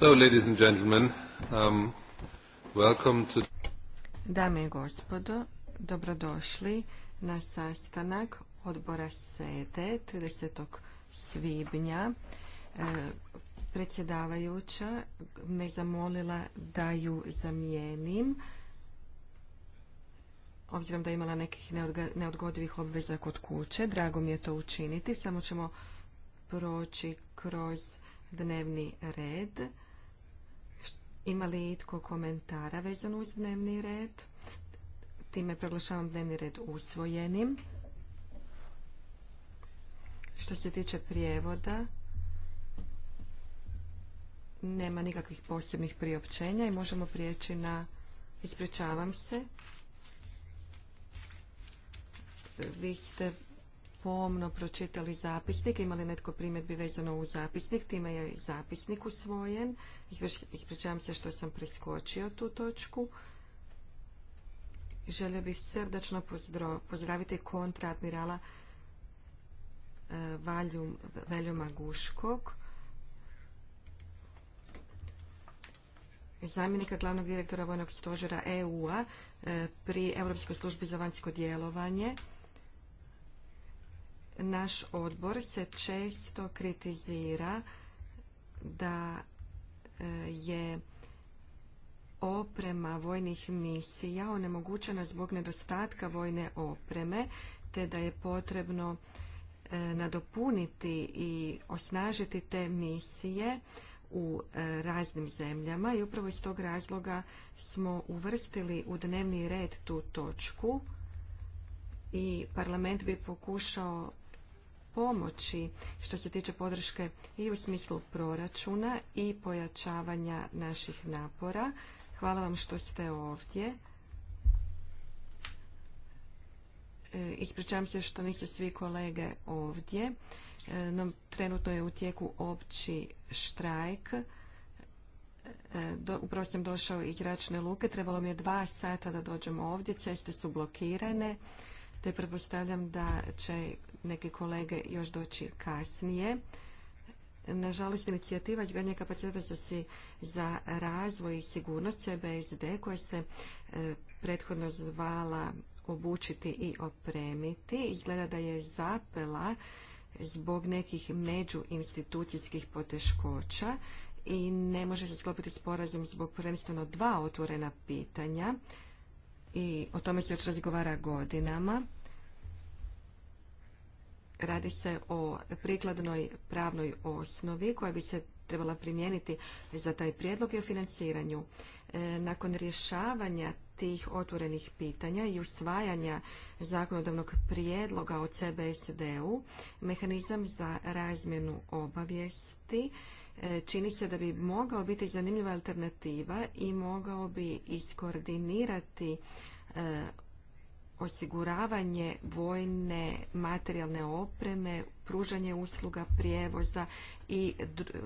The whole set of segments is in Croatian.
Um, Dame i gospodo, dobrodošli na sastanak odbora SEDE 30. svibnja. E, predsjedavajuća me zamolila da ju zamijenim obzirom da je imala nekih neodgodivih obveza kod kuće. Drago mi je to učiniti. Samo ćemo proći kroz dnevni red. Ima li itko komentara vezano uz dnevni red? Time proglašavam dnevni red usvojenim. Što se tiče prijevoda, nema nikakvih posebnih priopćenja i možemo prijeći na ispričavam se. Vi ste pomno pročitali zapisnik. Imali netko primjedbi vezano u zapisnik? Time je zapisnik usvojen. Ispričavam se što sam preskočio tu točku. Želio bih srdačno pozdraviti admirala e, veljoma Guškog, zamjenika glavnog direktora Vojnog stožera EU-a e, pri Europskoj službi za vanjsko djelovanje. Naš odbor se često kritizira da e, je oprema vojnih misija onemogućena zbog nedostatka vojne opreme, te da je potrebno e, nadopuniti i osnažiti te misije u e, raznim zemljama i upravo iz tog razloga smo uvrstili u dnevni red tu točku i parlament bi pokušao pomoći što se tiče podrške i u smislu proračuna i pojačavanja naših napora. Hvala vam što ste ovdje. E, ispričavam se što nisu svi kolege ovdje. E, trenutno je u tijeku opći štrajk. E, upravo sam došao iz Račne luke. Trebalo mi je dva sata da dođem ovdje. Ceste su blokirane. Te pretpostavljam da će neke kolege još doći kasnije. Nažalost, inicijativa izgradnje kapaciteta za, za razvoj i sigurnost CBSD koja se e, prethodno zvala obučiti i opremiti. Izgleda da je zapela zbog nekih međuinstitucijskih poteškoća i ne može se sklopiti sporazum zbog prvenstveno dva otvorena pitanja i o tome se još razgovara godinama. Radi se o prikladnoj pravnoj osnovi koja bi se trebala primijeniti za taj prijedlog i o financiranju. E, nakon rješavanja tih otvorenih pitanja i usvajanja zakonodavnog prijedloga o CBSD-u, mehanizam za razmjenu obavijesti, e, čini se da bi mogao biti zanimljiva alternativa i mogao bi iskoordinirati e, osiguravanje vojne materijalne opreme, pružanje usluga, prijevoza i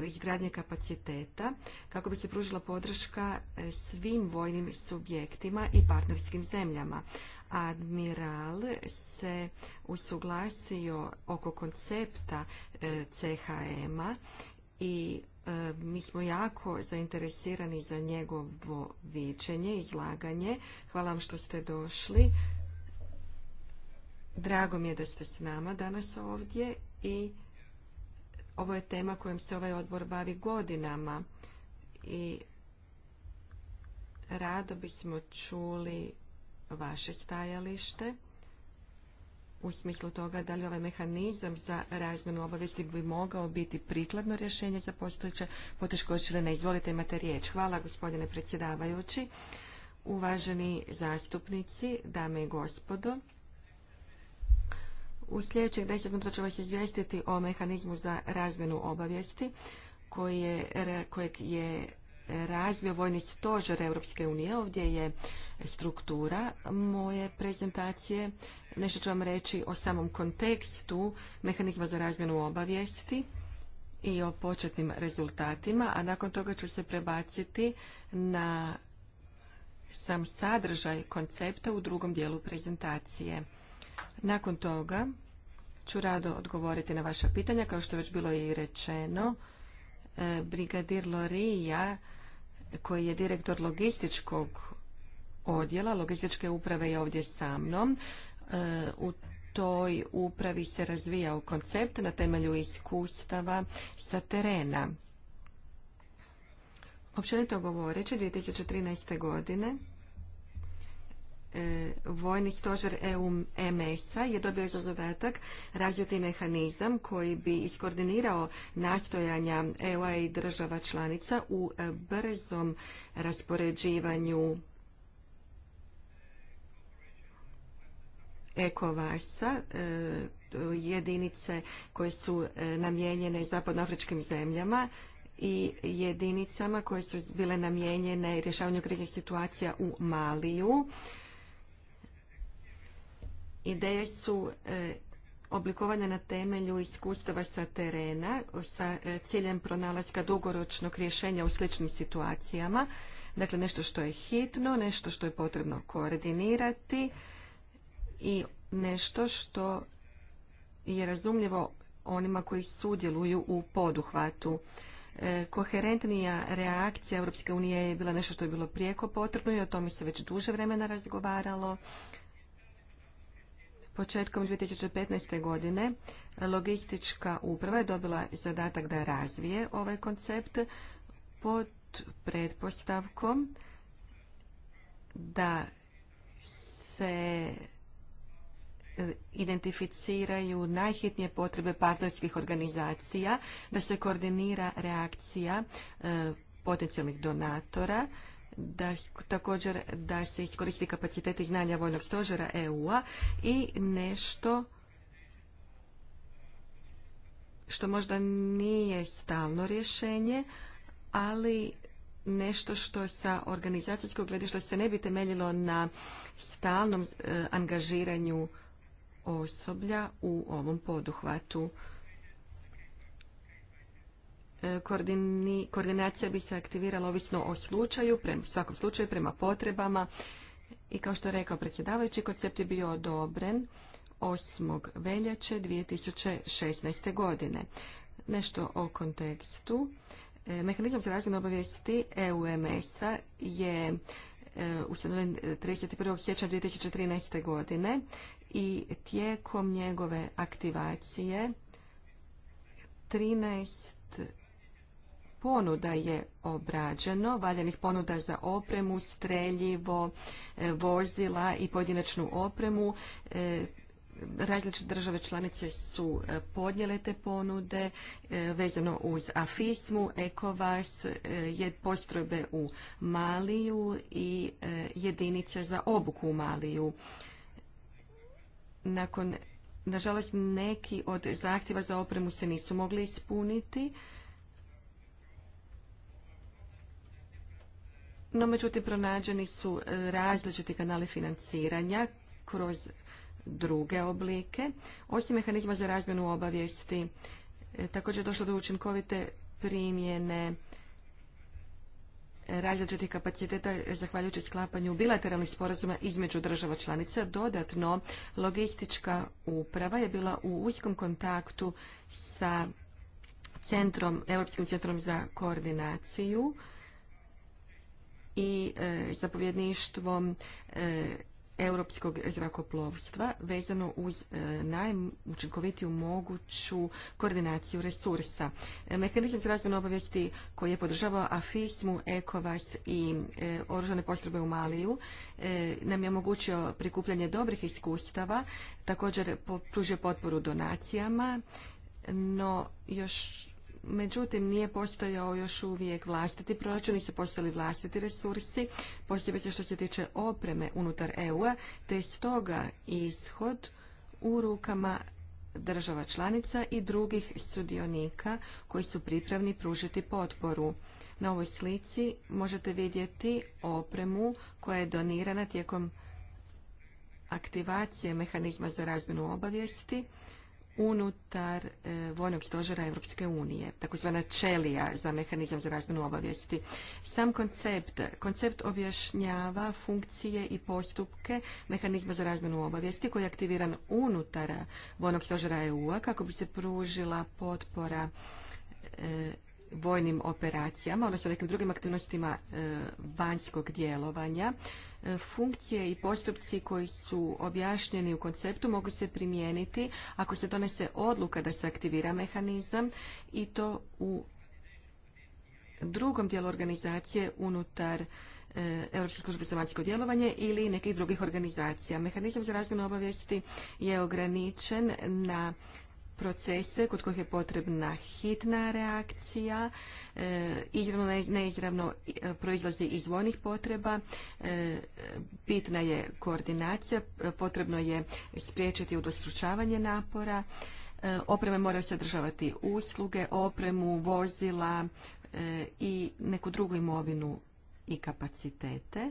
izgradnje kapaciteta kako bi se pružila podrška e, svim vojnim subjektima i partnerskim zemljama. Admiral se usuglasio oko koncepta e, CHM-a i e, mi smo jako zainteresirani za njegovo viđenje, izlaganje. Hvala vam što ste došli. Drago mi je da ste s nama danas ovdje i ovo je tema kojom se ovaj odbor bavi godinama i rado bismo čuli vaše stajalište u smislu toga da li ovaj mehanizam za razmenu obavijesti bi mogao biti prikladno rješenje za postojeće poteškoće ne izvolite imate riječ. Hvala gospodine predsjedavajući, uvaženi zastupnici, dame i gospodo. U deset minuta ću vas izvijestiti o mehanizmu za razmjenu obavijesti kojeg je razvio vojni stožer Europske unije. Ovdje je struktura moje prezentacije. Nešto ću vam reći o samom kontekstu mehanizma za razmjenu obavijesti i o početnim rezultatima, a nakon toga ću se prebaciti na sam sadržaj koncepta u drugom dijelu prezentacije. Nakon toga ću rado odgovoriti na vaša pitanja, kao što je već bilo i rečeno. E, Brigadir Lorija, koji je direktor logističkog odjela, logističke uprave je ovdje sa mnom. E, u toj upravi se razvijao koncept na temelju iskustava sa terena. Općenito govoreći, 2013. godine E, vojni stožer EU MS-a je dobio za zadatak razviti mehanizam koji bi iskoordinirao nastojanja EU-a i država članica u e, brzom raspoređivanju Ekovasa, a e, jedinice koje su namijenjene zapadnoafričkim zemljama i jedinicama koje su bile namijenjene rješavanju kriznih situacija u Maliju. Ideje su e, oblikovane na temelju iskustava sa terena sa e, ciljem pronalaska dugoročnog rješenja u sličnim situacijama. Dakle, nešto što je hitno, nešto što je potrebno koordinirati i nešto što je razumljivo onima koji sudjeluju u poduhvatu. E, koherentnija reakcija Europske unije je bila nešto što je bilo prijeko potrebno i o tome se već duže vremena razgovaralo. Početkom 2015. godine logistička uprava je dobila zadatak da razvije ovaj koncept pod pretpostavkom da se e, identificiraju najhitnije potrebe partnerskih organizacija, da se koordinira reakcija e, potencijalnih donatora, da, također da se iskoristi kapacitet znanja vojnog stožera EU-a i nešto što možda nije stalno rješenje, ali nešto što sa organizacijskog gledišta se ne bi temeljilo na stalnom e, angažiranju osoblja u ovom poduhvatu. Koordini, koordinacija bi se aktivirala ovisno o slučaju, prema, svakom slučaju prema potrebama. I kao što je rekao predsjedavajući, koncept je bio odobren 8. veljače 2016. godine. Nešto o kontekstu. E, mehanizam za razvoj obavijesti EUMS-a je e, ustanoven 31. E, siječnja 2013. godine i tijekom njegove aktivacije 13 ponuda je obrađeno, valjanih ponuda za opremu, streljivo, e, vozila i pojedinačnu opremu. E, različite države članice su e, podnijele te ponude vezano uz Afismu, Ekovas, postrojbe u Maliju i jedinice za obuku u Maliju. Nakon, nažalost, neki od zahtjeva za opremu se nisu mogli ispuniti No, međutim, pronađeni su e, različiti kanali financiranja kroz druge oblike. Osim mehanizma za razmjenu obavijesti, e, također je došlo do učinkovite primjene različitih kapaciteta zahvaljujući sklapanju bilateralnih sporazuma između država članica. Dodatno, logistička uprava je bila u uskom kontaktu sa Europskim centrom za koordinaciju i e, zapovjedništvom e, europskog zrakoplovstva vezano uz e, najučinkovitiju moguću koordinaciju resursa. Mehanizam razvoj obavijesti koji je podržavao AFISMU, ECOVAS i oružane postrojbe u Maliju nam je omogućio prikupljanje dobrih iskustava, također pružio potporu donacijama, no još Međutim, nije postojao još uvijek vlastiti proračun, nisu postali vlastiti resursi, posebice što se tiče opreme unutar EU-a, te je stoga ishod u rukama država članica i drugih sudionika koji su pripravni pružiti potporu. Na ovoj slici možete vidjeti opremu koja je donirana tijekom aktivacije mehanizma za razmjenu obavijesti unutar e, vojnog stožera Europske unije, takozvana čelija za mehanizam za razmjenu obavijesti. Sam koncept, koncept objašnjava funkcije i postupke mehanizma za razmjenu obavijesti koji je aktiviran unutar vojnog stožera EU-a kako bi se pružila potpora e, vojnim operacijama, odnosno nekim drugim aktivnostima e, vanjskog djelovanja E, funkcije i postupci koji su objašnjeni u konceptu mogu se primijeniti ako se donese odluka da se aktivira mehanizam i to u drugom dijelu organizacije unutar e, Europske službe za vanjsko djelovanje ili nekih drugih organizacija. Mehanizam za razmjenu obavijesti je ograničen na procese kod kojih je potrebna hitna reakcija, e, izravno neizravno e, proizlazi iz vojnih potreba, e, bitna je koordinacija, potrebno je spriječiti udostručavanje napora, opreme moraju sadržavati usluge, opremu, vozila i neku drugu imovinu i kapacitete.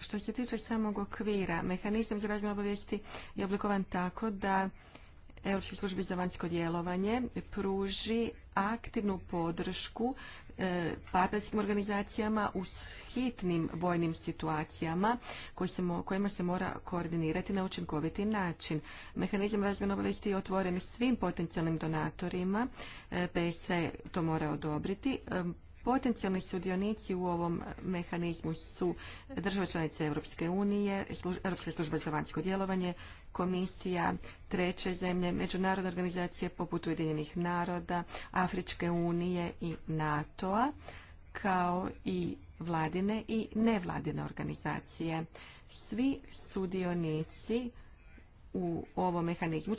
Što se tiče samog okvira, mehanizam za razmjenu obavijesti je oblikovan tako da Europskoj službi za vanjsko djelovanje pruži aktivnu podršku e, partnerskim organizacijama u hitnim vojnim situacijama kojima se mora koordinirati na učinkoviti način. Mehanizam razmjena obavesti je otvoren svim potencijalnim donatorima, PSE e to mora odobriti. E, potencijalni sudionici u ovom mehanizmu su države članice Europske unije, Europske službe za vanjsko djelovanje, komisija, treće zemlje, međunarodne organizacije poput Ujedinjenih naroda, Afričke unije i NATO-a, kao i vladine i nevladine organizacije. Svi sudionici u ovom mehanizmu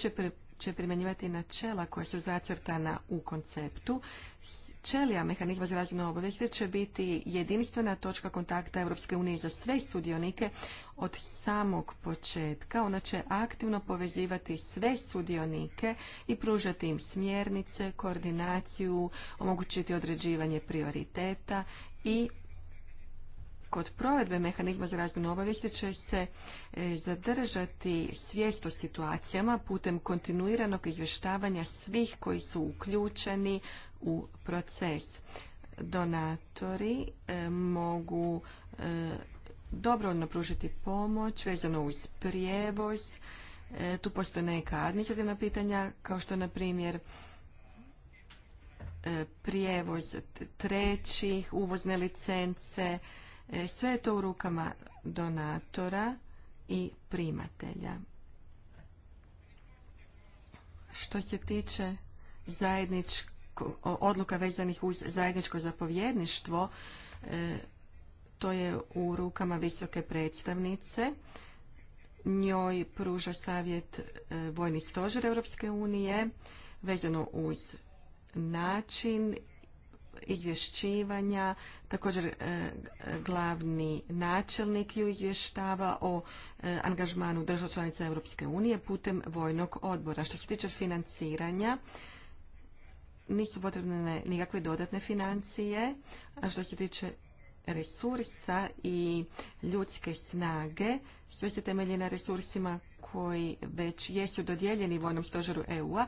će primjenjivati načela koja su zacrtana u konceptu Čelija mehanizma za razvojne obaveze će biti jedinstvena točka kontakta Europske unije za sve sudionike od samog početka. Ona će aktivno povezivati sve sudionike i pružati im smjernice, koordinaciju, omogućiti određivanje prioriteta i kod provedbe mehanizma za razmjenu obavijesti će se e, zadržati svijest o situacijama putem kontinuiranog izvještavanja svih koji su uključeni u proces. Donatori e, mogu e, dobrovoljno pružiti pomoć vezano uz prijevoz. Tu postoje neka administrativna pitanja kao što na primjer prijevoz trećih, uvozne licence, E, sve je to u rukama donatora i primatelja. Što se tiče odluka vezanih uz zajedničko zapovjedništvo, e, to je u rukama visoke predstavnice. Njoj pruža savjet e, Vojni stožer Europske unije vezano uz način izvješćivanja, također e, glavni načelnik ju izvještava o e, angažmanu država članica Europske unije putem vojnog odbora. Što se tiče financiranja, nisu potrebne nikakve dodatne financije, a što se tiče resursa i ljudske snage, sve se temelji na resursima koji već jesu dodijeljeni vojnom stožeru EU-a,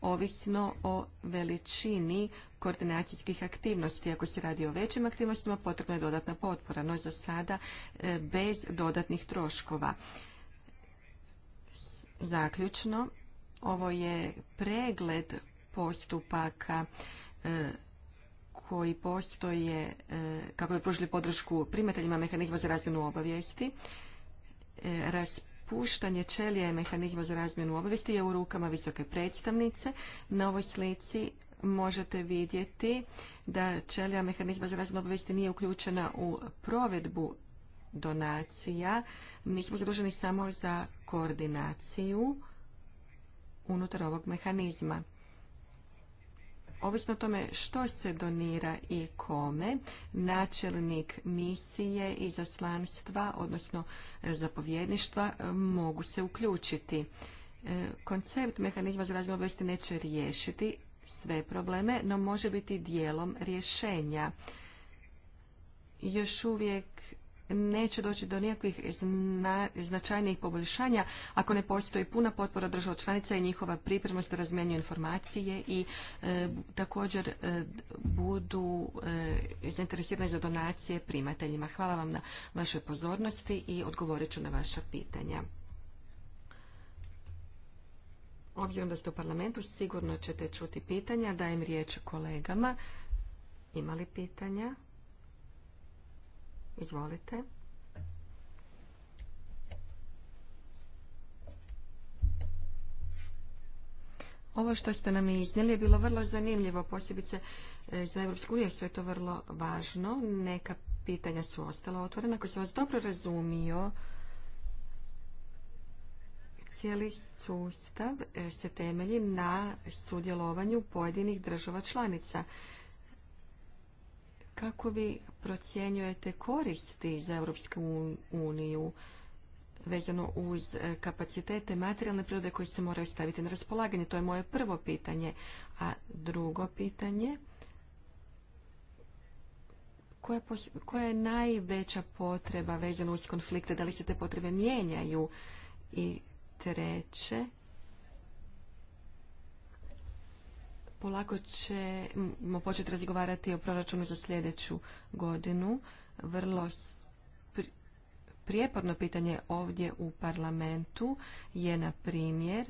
ovisno o veličini koordinacijskih aktivnosti. Ako se radi o većim aktivnostima, potrebna je dodatna potpora, no za sada e, bez dodatnih troškova. Zaključno, ovo je pregled postupaka e, koji postoje, e, kako bi pružili podršku primateljima mehanizma za razmjenu obavijesti. Puštanje čelija i mehanizma za razmjenu obavijesti je u rukama visoke predstavnice. Na ovoj slici možete vidjeti da čelija mehanizma za razmjenu obavijesti nije uključena u provedbu donacija. Mi smo zaduženi samo za koordinaciju unutar ovog mehanizma ovisno o tome što se donira i kome, načelnik misije i zaslanstva, odnosno e, zapovjedništva, e, mogu se uključiti. E, koncept mehanizma za razvoj obavijesti neće riješiti sve probleme, no može biti dijelom rješenja. Još uvijek neće doći do nijakvih značajnijih poboljšanja ako ne postoji puna potpora država članica i njihova pripremnost da razmjenju informacije i e, također e, budu e, zainteresirani za donacije primateljima. Hvala vam na vašoj pozornosti i odgovorit ću na vaša pitanja. Obzirom da ste u parlamentu, sigurno ćete čuti pitanja. Dajem riječ kolegama. Imali pitanja? Izvolite. Ovo što ste nam iznijeli je bilo vrlo zanimljivo, posebice e, za evropsku uniju, sve je to vrlo važno. Neka pitanja su ostala otvorena. Ako sam vas dobro razumio, cijeli sustav e, se temelji na sudjelovanju pojedinih država članica. Kako vi procjenjujete koristi za Europsku uniju vezano uz e, kapacitete materijalne prirode koje se moraju staviti na raspolaganje? To je moje prvo pitanje. A drugo pitanje, koja, je najveća potreba vezano uz konflikte? Da li se te potrebe mijenjaju? I treće, Polako ćemo početi razgovarati o proračunu za sljedeću godinu. Vrlo prijeporno pitanje ovdje u parlamentu je, na primjer,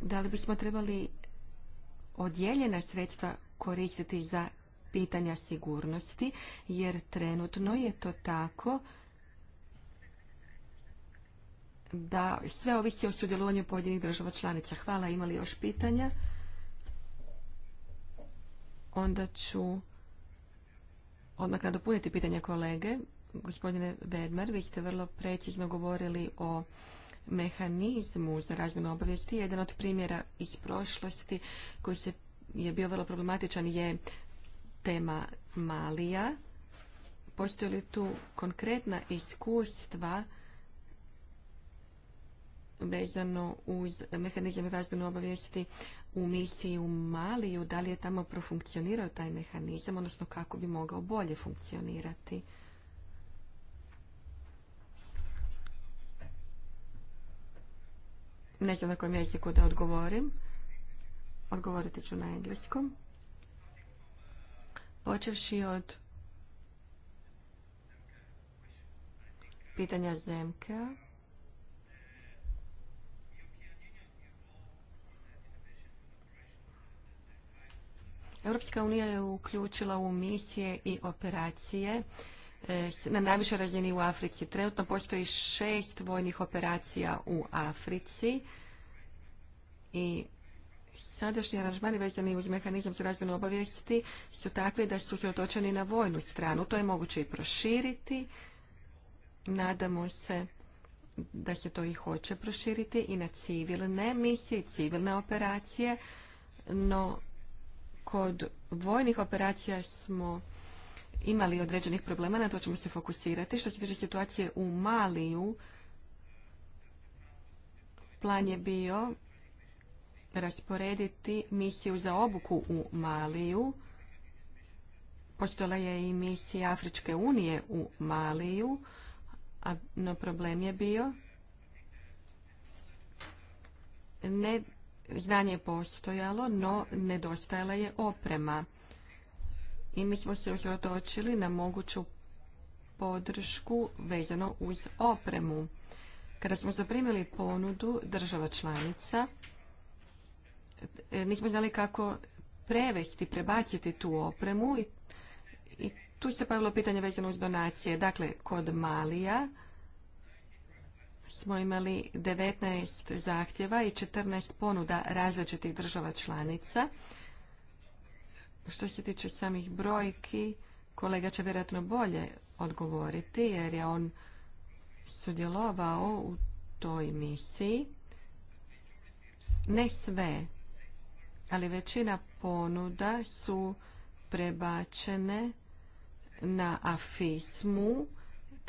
da li bismo trebali odjeljena sredstva koristiti za pitanja sigurnosti, jer trenutno je to tako da sve ovisi o sudjelovanju pojedinih država članica. Hvala, imali još pitanja? Onda ću odmah nadopuniti pitanja kolege. Gospodine Vedmar, vi ste vrlo precizno govorili o mehanizmu za razmjenu obavijesti. Jedan od primjera iz prošlosti koji se je bio vrlo problematičan je tema Malija. Postoje li tu konkretna iskustva vezano uz mehanizam razmjene obavijesti u misiji u Maliju, da li je tamo profunkcionirao taj mehanizam, odnosno kako bi mogao bolje funkcionirati? Ne znam na kojem jeziku da odgovorim. Odgovoriti ću na engleskom. Počevši od pitanja Zemkea. Europska unija je uključila u misije i operacije e, na najvišoj razini u Africi. Trenutno postoji šest vojnih operacija u Africi i sadašnji aranžmani vezani uz mehanizam za razmjenu obavijesti su takvi da su otočeni na vojnu stranu. To je moguće i proširiti. Nadamo se da se to i hoće proširiti i na civilne misije i civilne operacije, no kod vojnih operacija smo imali određenih problema, na to ćemo se fokusirati. Što se tiče situacije u Maliju, plan je bio rasporediti misiju za obuku u Maliju. Postojala je i misija Afričke unije u Maliju, no problem je bio ne Znanje je postojalo, no nedostajala je oprema. I mi smo se usredotočili na moguću podršku vezano uz opremu. Kada smo zaprimili ponudu država članica, e, nismo znali kako prevesti, prebaciti tu opremu i, tu se pojavilo pitanje vezano uz donacije. Dakle, kod Malija smo imali 19 zahtjeva i 14 ponuda različitih država članica. Što se tiče samih brojki, kolega će vjerojatno bolje odgovoriti jer je on sudjelovao u toj misiji. Ne sve, ali većina ponuda su prebačene na afismu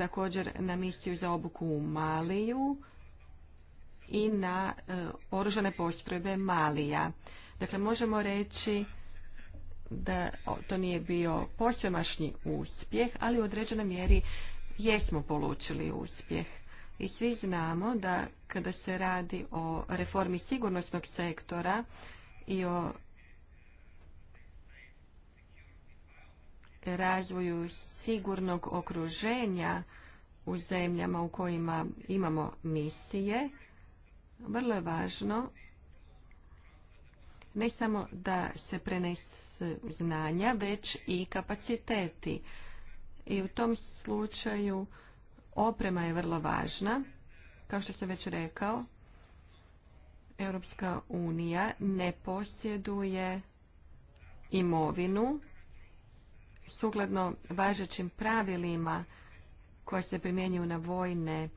također na misiju za obuku u Maliju i na e, oružane postrojbe Malija. Dakle, možemo reći da to nije bio posvemašnji uspjeh, ali u određenoj mjeri jesmo polučili uspjeh. I svi znamo da kada se radi o reformi sigurnosnog sektora i o razvoju sigurnog okruženja u zemljama u kojima imamo misije, vrlo je važno ne samo da se prenese znanja, već i kapaciteti. I u tom slučaju oprema je vrlo važna. Kao što sam već rekao, Europska unija ne posjeduje imovinu sukladno važećim pravilima koja se primjenjuju na vojne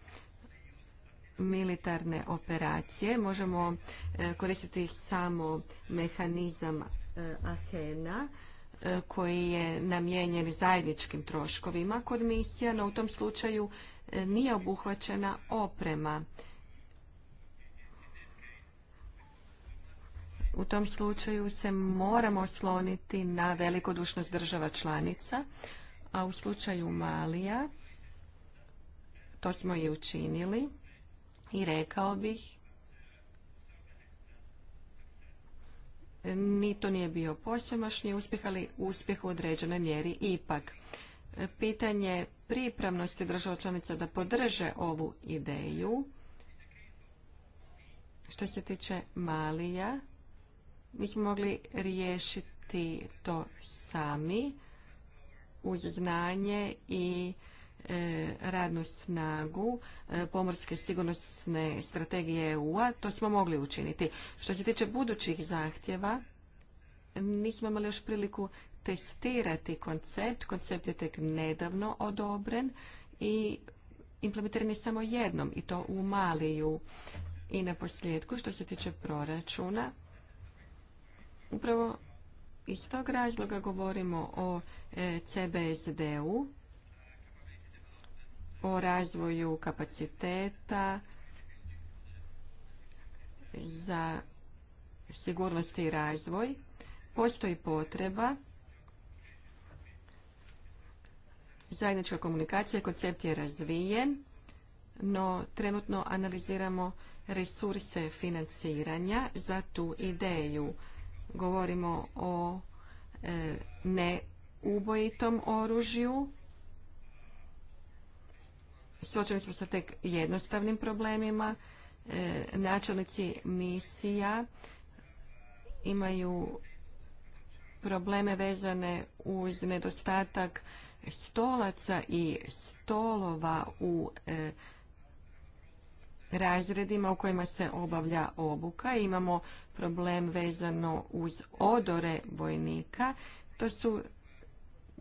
militarne operacije. Možemo e, koristiti samo mehanizam e, Ahena e, koji je namijenjen zajedničkim troškovima kod misija, no u tom slučaju nije obuhvaćena oprema. U tom slučaju se moramo osloniti na velikodušnost država članica, a u slučaju Malija to smo i učinili i rekao bih ni to nije bio posljemašnji uspjeh, ali uspjeh u određenoj mjeri ipak. Pitanje pripravnosti država članica da podrže ovu ideju. Što se tiče Malija, mi smo mogli riješiti to sami uz znanje i e, radnu snagu e, pomorske sigurnosne strategije EU-a. To smo mogli učiniti. Što se tiče budućih zahtjeva, nismo imali još priliku testirati koncept. Koncept je tek nedavno odobren i implementiran je samo jednom i to u Maliju. I na posljedku, što se tiče proračuna, Upravo iz tog razloga govorimo o e, CBSD-u, o razvoju kapaciteta za sigurnost i razvoj. Postoji potreba zajednička komunikacija, koncept je razvijen, no trenutno analiziramo resurse financiranja za tu ideju govorimo o e, neubojitom oružju. Suočeni smo sa tek jednostavnim problemima. E, načelnici misija imaju probleme vezane uz nedostatak stolaca i stolova u e, razredima u kojima se obavlja obuka. Imamo problem vezano uz odore vojnika. To su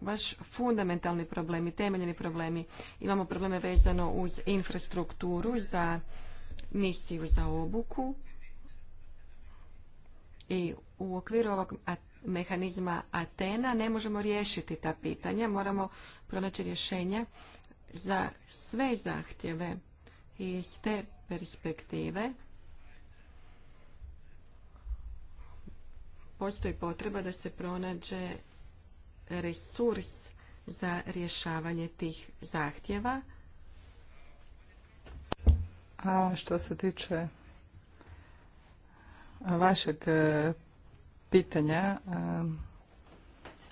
baš fundamentalni problemi, temeljeni problemi. Imamo probleme vezano uz infrastrukturu za misiju za obuku i u okviru ovog mehanizma Atena ne možemo riješiti ta pitanja. Moramo pronaći rješenja za sve zahtjeve iz te perspektive postoji potreba da se pronađe resurs za rješavanje tih zahtjeva. A što se tiče vašeg e, pitanja, e,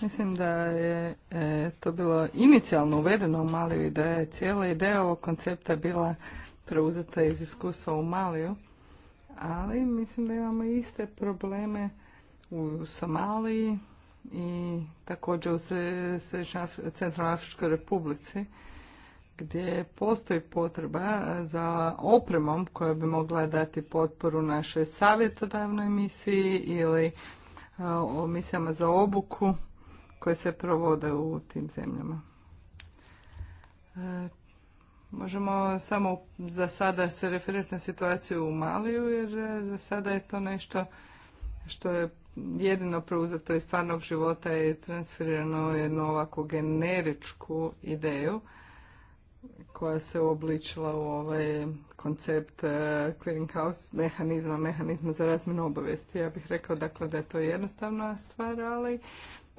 mislim da je e, to bilo inicijalno uvedeno u i da je cijela ideja ovog koncepta bila preuzeta iz iskustva u Maliju, ali mislim da imamo iste probleme u Somaliji i također u Centralnoj Afričkoj Republici gdje postoji potreba za opremom koja bi mogla dati potporu našoj savjetodavnoj misiji ili uh, o misijama za obuku koje se provode u tim zemljama. Uh, Možemo samo za sada se referirati na situaciju u Maliju jer e, za sada je to nešto što je jedino preuzeto iz stvarnog života i transferirano u jednu ovakvu generičku ideju koja se obličila u ovaj koncept e, house mehanizma, mehanizma za razmjenu obavijesti. Ja bih rekao dakle da je to jednostavna stvar, ali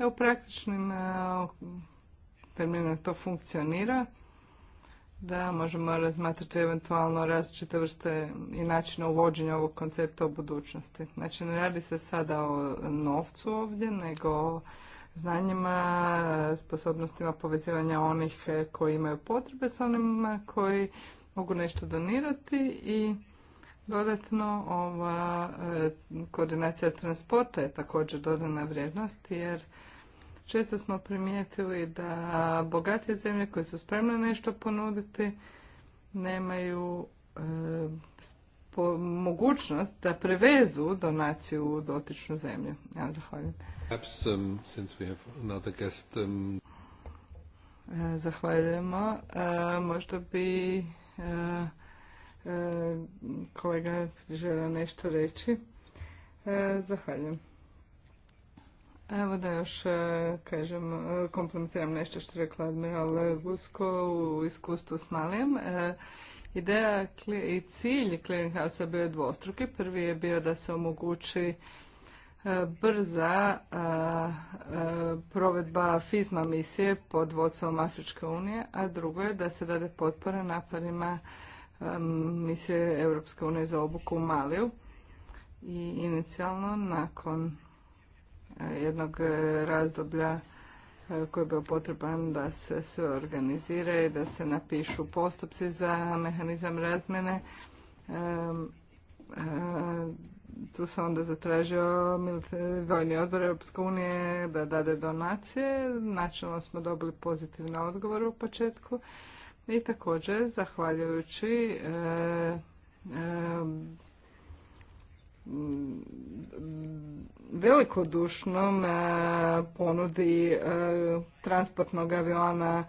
u praktičnim e, terminima to funkcionira da, možemo razmatrati eventualno različite vrste i načina uvođenja ovog koncepta u budućnosti. Znači, ne radi se sada o novcu ovdje, nego o znanjima, sposobnostima povezivanja onih koji imaju potrebe s onima koji mogu nešto donirati i dodatno ova e, koordinacija transporta je također dodana vrijednost jer Često smo primijetili da bogate zemlje koje su spremne nešto ponuditi nemaju e, mogućnost da prevezu donaciju u dotičnu zemlju. Ja zahvaljujem. Um, um, e, zahvaljujemo. E, možda bi e, kolega želeo nešto reći. Zahvaljujem. Evo da još e, kažem, e, komplementiram nešto što rekla Admiral Gusko u iskustvu s Malijem. E, ideja i cilj clearinghouse bio je dvostruki. Prvi je bio da se omogući brza provedba FISMA misije pod vodstvom Afričke unije, a drugo je da se dade potpora napadima misije Europske unije za obuku u Maliju. I inicijalno nakon jednog e, razdoblja e, koji je bio potreban da se sve organizira i da se napišu postupci za mehanizam razmene. E, tu se onda zatražio vojni odbor Europske unije da dade donacije. Načelno smo dobili pozitivne odgovore u početku i također zahvaljujući velikodušnom e, ponudi e, transportnog aviona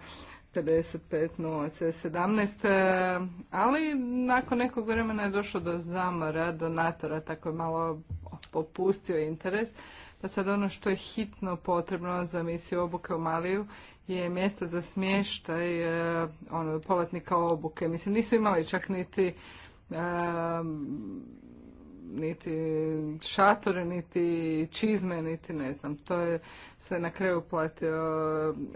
550 c e, ali nakon nekog vremena je došlo do zamora donatora, tako je malo popustio interes. Pa sad ono što je hitno potrebno za misiju obuke u Maliju je mjesto za smještaj ono, polaznika obuke. Mislim, nisu imali čak niti niti šatore, niti čizme, niti ne znam. To je sve na kraju platio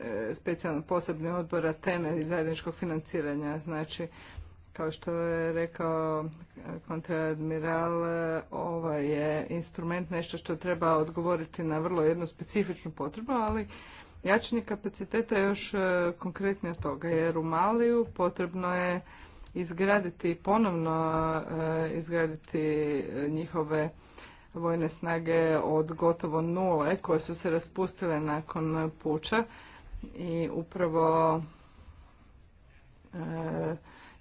e, specijalno posebni odbor Atene i zajedničkog financiranja. Znači, kao što je rekao kontradmiral, e, ovaj je instrument nešto što treba odgovoriti na vrlo jednu specifičnu potrebu, ali jačanje kapaciteta je još e, konkretnije od toga, jer u Maliju potrebno je izgraditi ponovno eh, izgraditi eh, njihove vojne snage od gotovo nule koje su se raspustile nakon puča i upravo eh,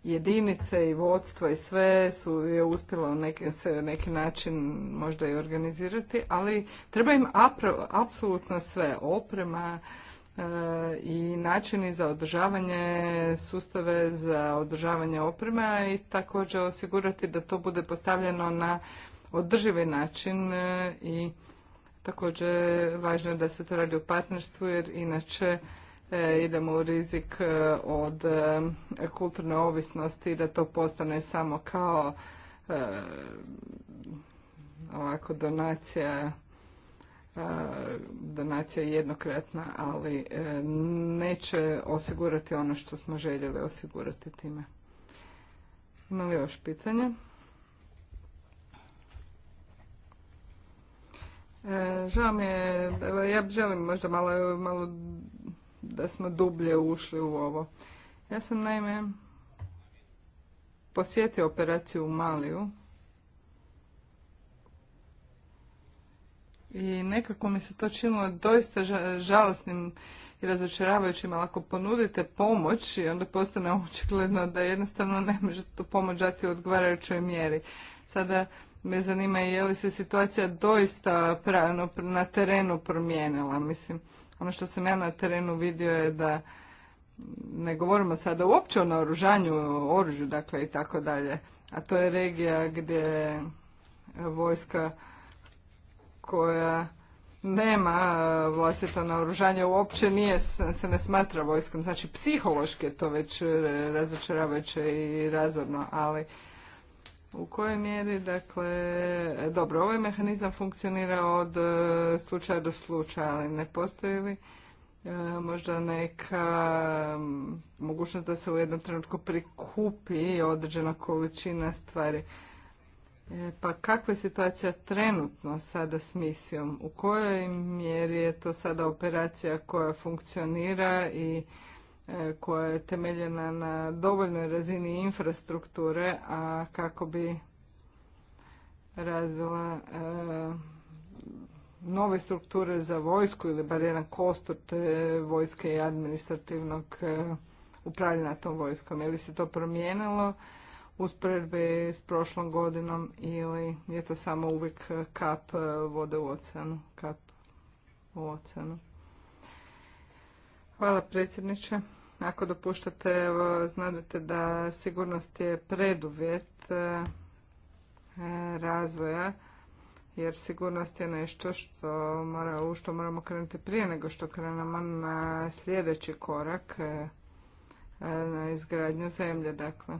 jedinice i vodstvo i sve su je uspjelo neki, se neki način možda i organizirati, ali treba im apsolutno sve, oprema, E, i načini za održavanje sustave za održavanje opreme i također osigurati da to bude postavljeno na održivi način e, i također važno je da se to radi u partnerstvu jer inače e, idemo u rizik od kulturne ovisnosti i da to postane samo kao ovako donacija donacija je jednokratna, ali e, neće osigurati ono što smo željeli osigurati time. Ima li još pitanja? E, žao mi je, ja želim možda malo, malo da smo dublje ušli u ovo. Ja sam naime posjetio operaciju u Maliju i nekako mi se to činilo doista žalosnim i razočaravajućim, ali ako ponudite pomoć i onda postane očigledno da jednostavno ne možete to pomoć dati u odgovarajućoj mjeri. Sada me zanima je li se situacija doista pravno na terenu promijenila. Mislim, ono što sam ja na terenu vidio je da ne govorimo sada uopće o naoružanju, o oružju, dakle i tako dalje. A to je regija gdje vojska koja nema e, vlastito naoružanje uopće nije, se ne smatra vojskom. Znači psihološki je to već razočaravajuće i razorno, ali u kojoj mjeri, dakle, dobro, ovaj mehanizam funkcionira od e, slučaja do slučaja, ali ne postoji li e, možda neka mogućnost da se u jednom trenutku prikupi određena količina stvari. E, pa kakva je situacija trenutno sada s misijom? U kojoj mjeri je to sada operacija koja funkcionira i e, koja je temeljena na dovoljnoj razini infrastrukture, a kako bi razvila e, nove strukture za vojsku ili bar jedan kostur vojske i administrativnog e, upravljanja tom vojskom. Je li se to promijenilo? usporedbe s prošlom godinom ili je to samo uvijek kap e, vode u oceanu, kap u oceanu. Hvala predsjedniče. Ako dopuštate, znate da sigurnost je preduvjet e, razvoja, jer sigurnost je nešto što u što moramo krenuti prije nego što krenemo na sljedeći korak e, na izgradnju zemlje. Dakle,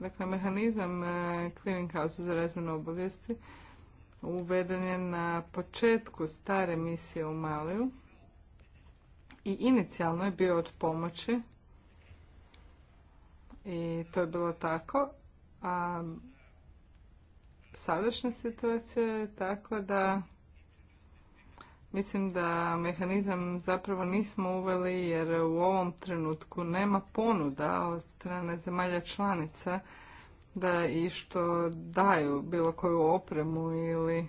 Dakle, mehanizam e, clearing house za razmjenu obavijesti uveden je na početku stare misije u Maliju i inicijalno je bio od pomoći i to je bilo tako, a sadašnja situacija je tako da Mislim da mehanizam zapravo nismo uveli jer u ovom trenutku nema ponuda od strane zemalja članica da i što daju bilo koju opremu ili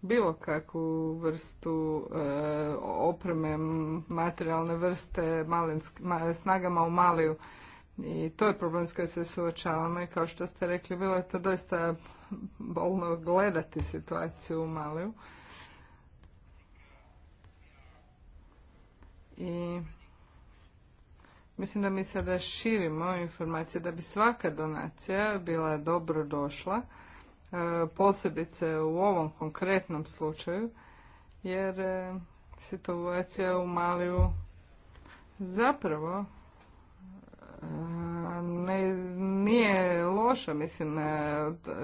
bilo kakvu vrstu e, opreme materijalne vrste malinsk, snagama u Maliju. I to je problem s kojim se suočavamo i kao što ste rekli, bilo je to doista bolno gledati situaciju u Maliju. i mislim da mi sada širimo informacije da bi svaka donacija bila dobro došla, e, posebice u ovom konkretnom slučaju, jer e, situacija u Maliju zapravo e, ne, nije loša, mislim,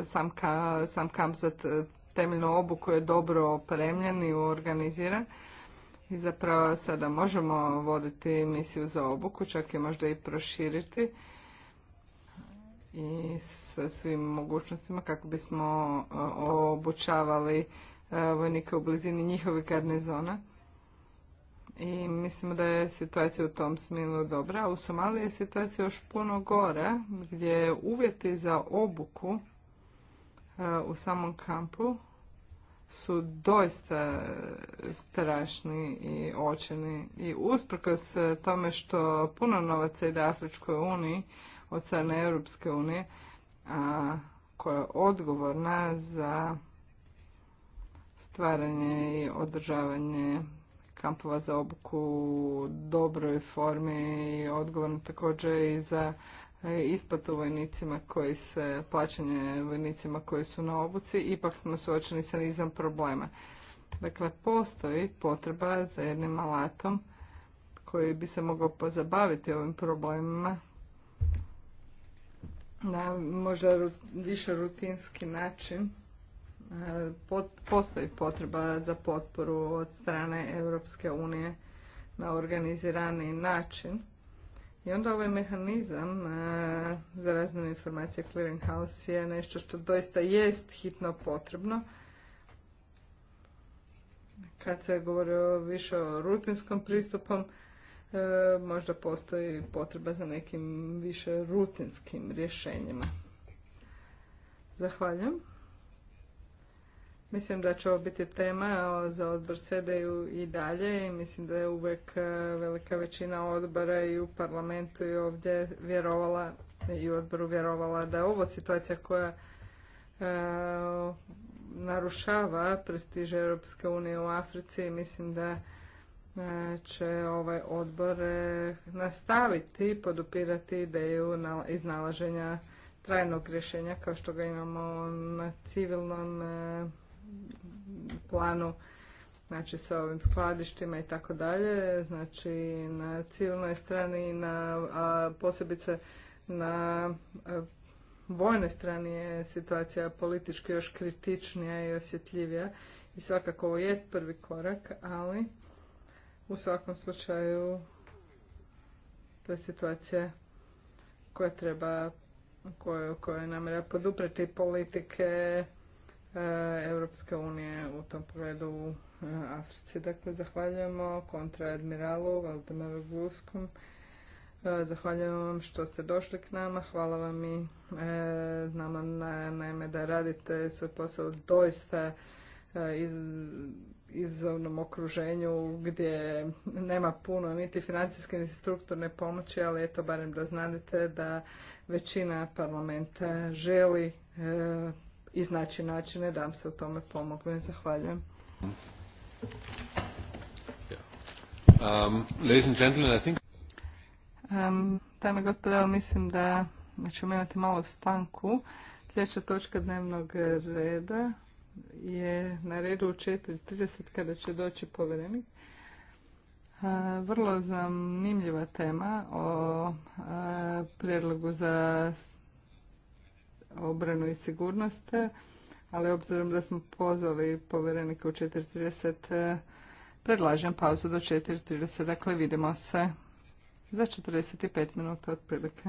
sam, ka, sam kamp za temeljnu obuku je dobro opremljen i organiziran, i zapravo sada možemo voditi misiju za obuku, čak i možda i proširiti i sa svim mogućnostima kako bismo e, obučavali e, vojnike u blizini njihovih zona I mislimo da je situacija u tom smilu dobra. U Somaliji je situacija još puno gora, gdje uvjeti za obuku e, u samom kampu su doista strašni i očeni i usprkos e, tome što puno novaca ide Afričkoj uniji od strane Europske unije, koja je odgovorna za stvaranje i održavanje kampova za obuku u dobroj formi i odgovorna također i za E, isplatu vojnicima koji se, plaćanje vojnicima koji su na obuci, ipak smo suočeni sa nizom problema. Dakle, postoji potreba za jednim alatom koji bi se mogao pozabaviti ovim problemima na možda više rutinski način. E, postoji potreba za potporu od strane Europske unije na organizirani način i onda ovaj mehanizam e, za razmjenu informacije clearing house je nešto što doista jest hitno potrebno. Kad se govori više o rutinskom pristupom, e, možda postoji potreba za nekim više rutinskim rješenjima. Zahvaljujem. Mislim da će ovo biti tema za odbor sedeju i dalje i mislim da je uvijek velika većina odbora i u parlamentu i ovdje vjerovala i u odboru vjerovala da je ovo situacija koja narušava prestiž Europske unije u Africi i mislim da će ovaj odbor e, nastaviti podupirati ideju iznalaženja trajnog rješenja kao što ga imamo na civilnom e, planu znači sa ovim skladištima i tako dalje, znači na civilnoj strani i na, a posebice na vojnoj strani je situacija politički još kritičnija i osjetljivija i svakako ovo jest prvi korak, ali u svakom slučaju to je situacija koja treba, koja nam namjera podupreti politike E, Europske unije u tom pogledu u e, Africi. Dakle, zahvaljujemo kontraadmiralu Valdemaru Guskom. E, zahvaljujem vam što ste došli k nama. Hvala vam i znamo naime da radite svoj posao doista iz, izazovnom okruženju gdje nema puno niti financijske niti strukturne pomoći, ali eto barem da znate da većina parlamenta želi iznaći načine da vam se u tome pomogne. Zahvaljujem. Um, um, dame i mislim da ćemo imati malo stanku. Sljedeća točka dnevnog reda je na redu u 4.30 kada će doći povjerenik. Uh, vrlo zanimljiva tema o uh, prijedlogu za obranu i sigurnost, ali obzirom da smo pozvali povjerenika u 4.30, eh, predlažem pauzu do 4.30, dakle vidimo se za 45 minuta otprilike.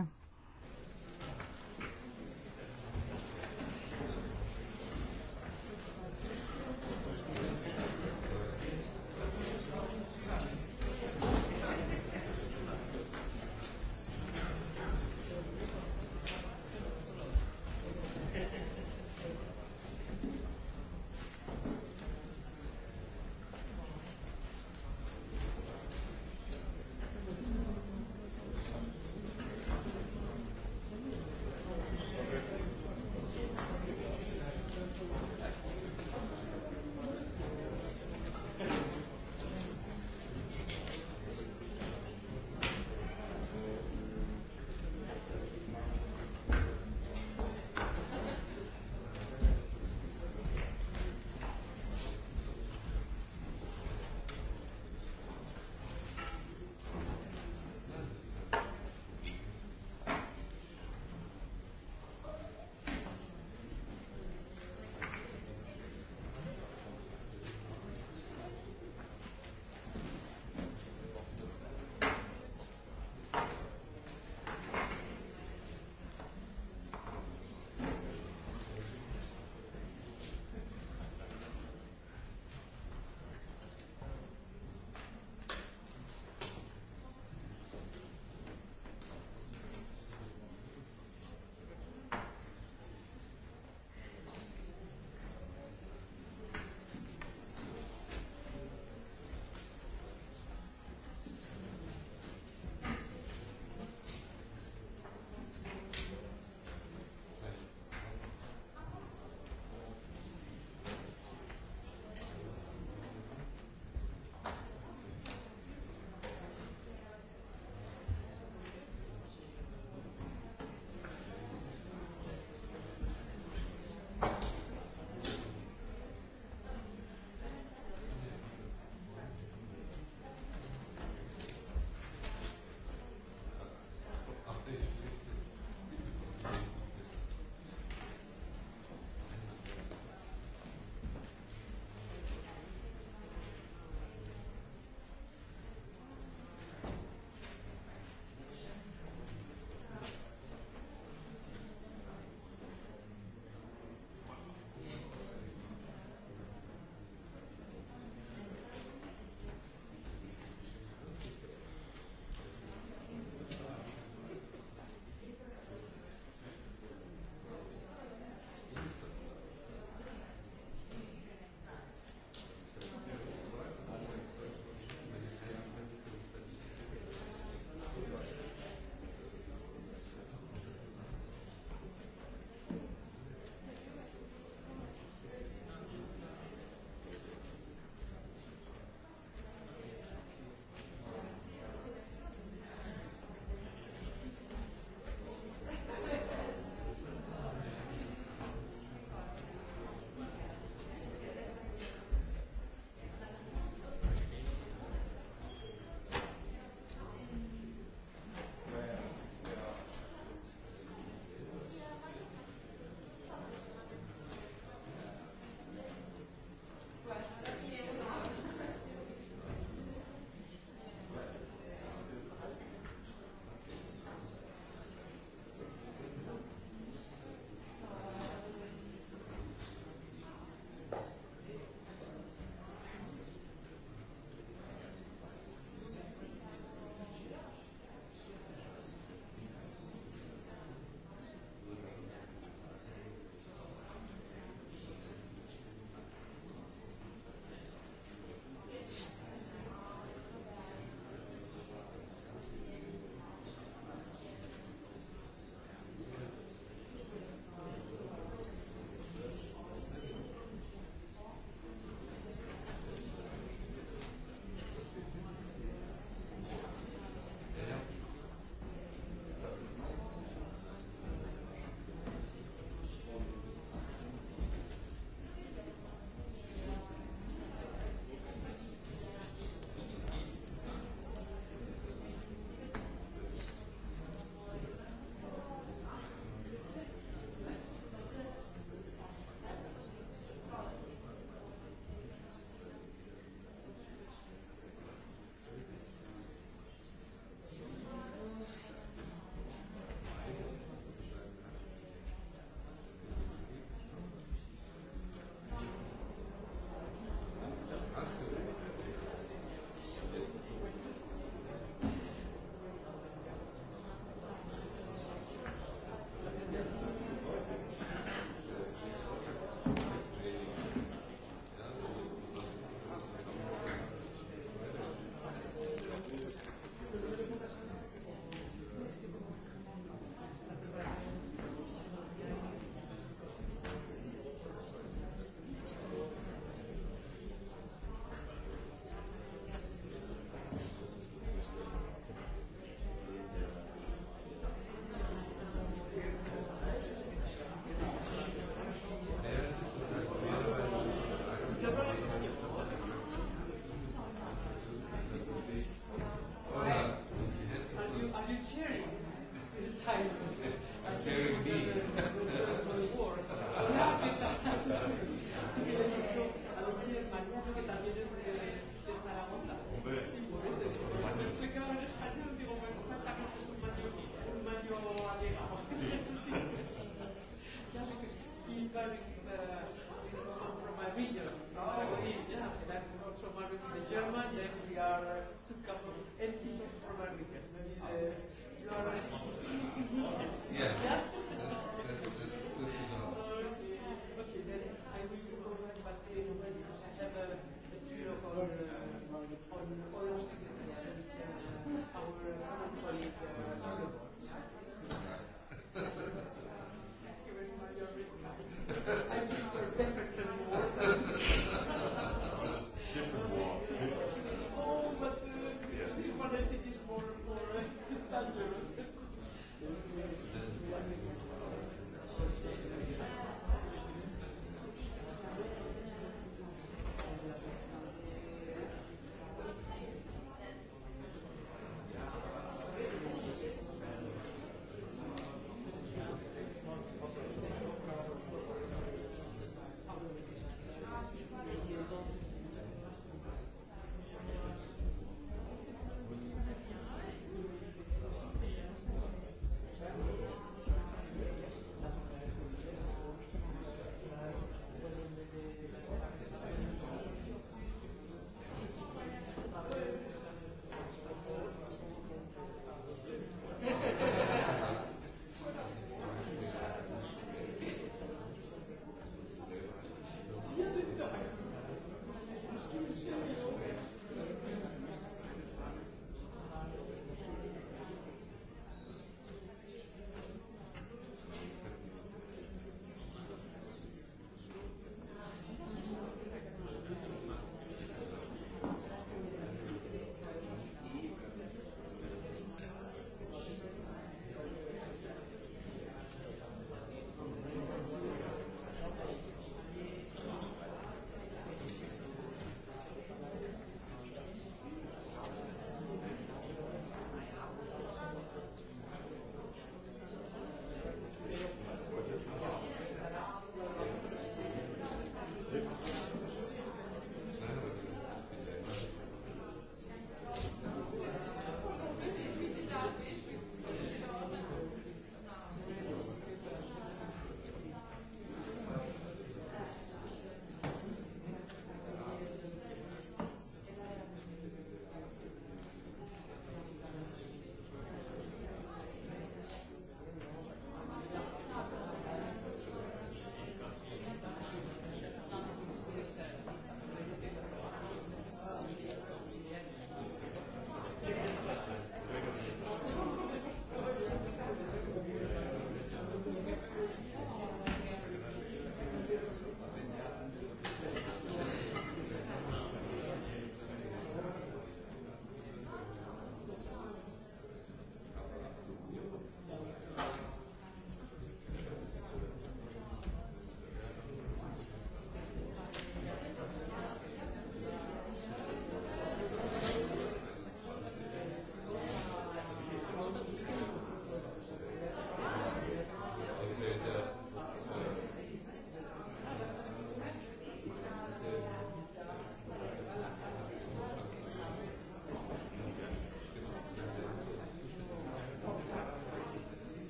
unless we are subcomponents. And this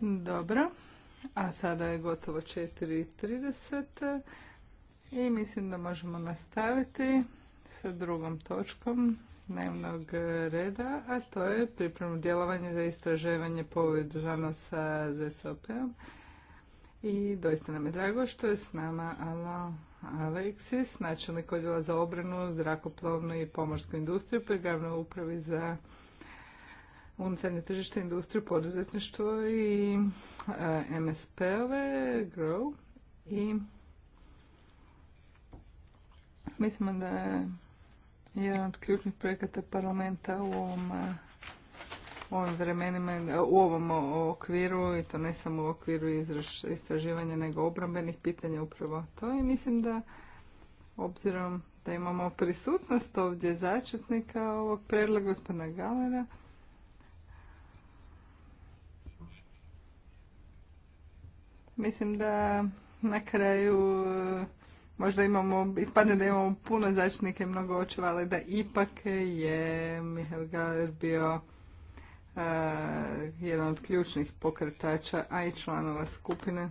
Dobro, a sada je gotovo 4.30 i mislim da možemo nastaviti sa drugom točkom dnevnog reda, a to je pripremno djelovanje za istraživanje žana sa ZSOP-om. I doista nam je drago što je s nama Ala Aleksis, načelnik odjela za obranu, zrakoplovnu i pomorsku industriju pri upravi za unutarnje tržište, industriju, poduzetništvo i e, MSP-ove, GROW i mislimo da je jedan od ključnih projekata parlamenta u ovom e, ovim vremenima, u ovom okviru i to ne samo u okviru istraživanja nego obrambenih pitanja upravo to i mislim da obzirom da imamo prisutnost ovdje začetnika ovog predloga gospodina Galera, Mislim da na kraju e, možda imamo, ispadne da imamo puno začnike, mnogo očeva, ali da ipak je Mihael Galer bio e, jedan od ključnih pokretača, a i članova skupine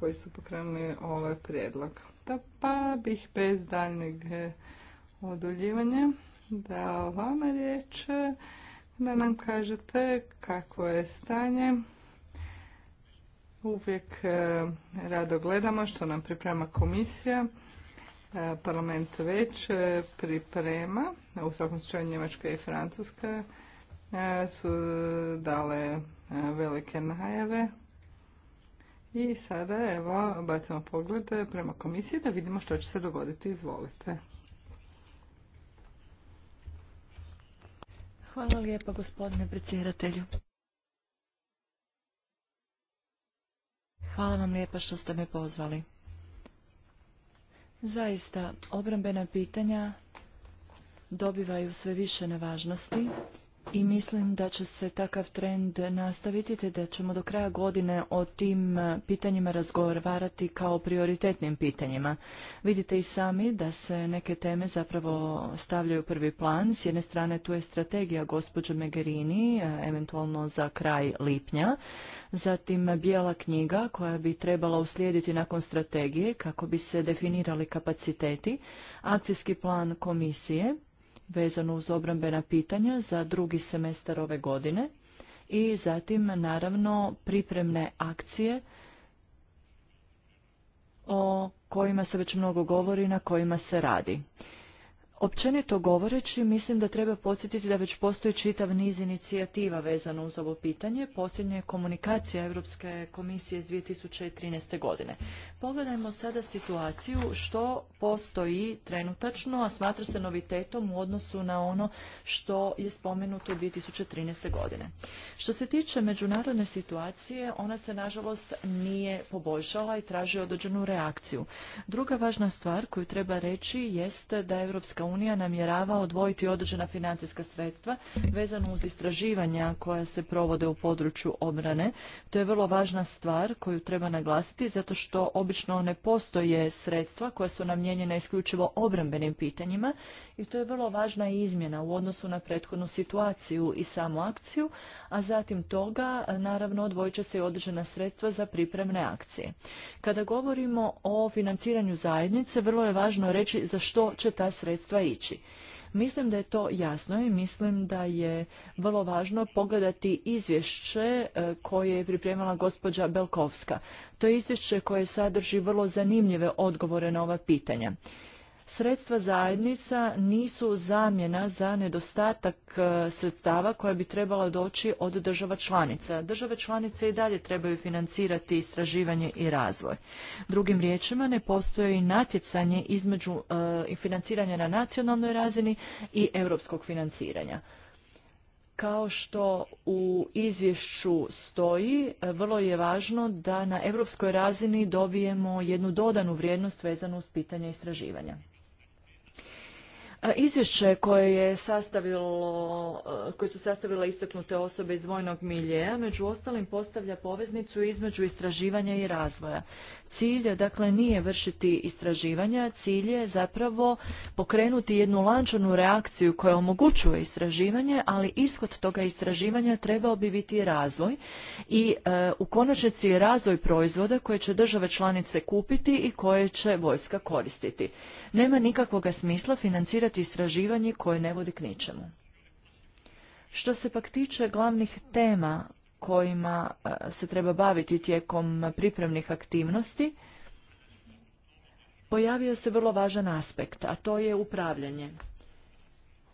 koji su pokrenuli ovaj prijedlog. Da pa bih bez daljnjeg e, oduljivanja dao vama riječ da nam kažete kakvo je stanje uvijek e, rado gledamo što nam priprema komisija. E, parlament već e, priprema, u svakom slučaju Njemačka i Francuska su dale velike najave i sada evo bacimo pogled prema komisiji da vidimo što će se dogoditi. Izvolite. Hvala lijepa gospodine predsjedatelju. Hvala vam lijepa što ste me pozvali. Zaista, obrambena pitanja dobivaju sve više na važnosti i mislim da će se takav trend nastaviti te da ćemo do kraja godine o tim e, pitanjima razgovarati kao prioritetnim pitanjima. Vidite i sami da se neke teme zapravo stavljaju u prvi plan. S jedne strane tu je strategija gospođe Megerini, e, eventualno za kraj lipnja. Zatim bijela knjiga koja bi trebala uslijediti nakon strategije kako bi se definirali kapaciteti. Akcijski plan komisije vezano uz obrambena pitanja za drugi semestar ove godine i zatim naravno pripremne akcije o kojima se već mnogo govori na kojima se radi. Općenito govoreći, mislim da treba podsjetiti da već postoji čitav niz inicijativa vezano uz ovo pitanje. Posljednja je komunikacija Europske komisije iz 2013. godine. Pogledajmo sada situaciju što postoji trenutačno, a smatra se novitetom u odnosu na ono što je spomenuto u 2013. godine. Što se tiče međunarodne situacije, ona se nažalost nije poboljšala i traži određenu reakciju. Druga važna stvar koju treba reći jest da Europska unija namjerava odvojiti određena financijska sredstva vezano uz istraživanja koja se provode u području obrane. To je vrlo važna stvar koju treba naglasiti zato što obično ne postoje sredstva koja su namijenjena isključivo obrambenim pitanjima i to je vrlo važna izmjena u odnosu na prethodnu situaciju i samu akciju, a zatim toga e, naravno odvojit će se i određena sredstva za pripremne akcije. Kada govorimo o financiranju zajednice, vrlo je važno reći za što će ta sredstva ići. Mislim da je to jasno i mislim da je vrlo važno pogledati izvješće e, koje je pripremala gospođa Belkovska. To je izvješće koje sadrži vrlo zanimljive odgovore na ova pitanja. Sredstva zajednica nisu zamjena za nedostatak e, sredstava koja bi trebala doći od država članica. Države članice i dalje trebaju financirati istraživanje i razvoj. Drugim riječima ne postoji natjecanje između e, financiranja na nacionalnoj razini i europskog financiranja kao što u izvješću stoji, e, vrlo je važno da na europskoj razini dobijemo jednu dodanu vrijednost vezanu uz pitanje istraživanja. Izvješće koje je sastavilo, koje su sastavile istaknute osobe iz vojnog miljeja, među ostalim postavlja poveznicu između istraživanja i razvoja. Cilj dakle nije vršiti istraživanja, cilj je zapravo pokrenuti jednu lančanu reakciju koja omogućuje istraživanje, ali ishod toga istraživanja trebao bi biti razvoj i e, u konačnici razvoj proizvoda koje će države članice kupiti i koje će vojska koristiti. Nema nikakvog smisla financirati financirati istraživanje koje ne vodi k ničemu. Što se pak tiče glavnih tema kojima se treba baviti tijekom pripremnih aktivnosti, pojavio se vrlo važan aspekt, a to je upravljanje.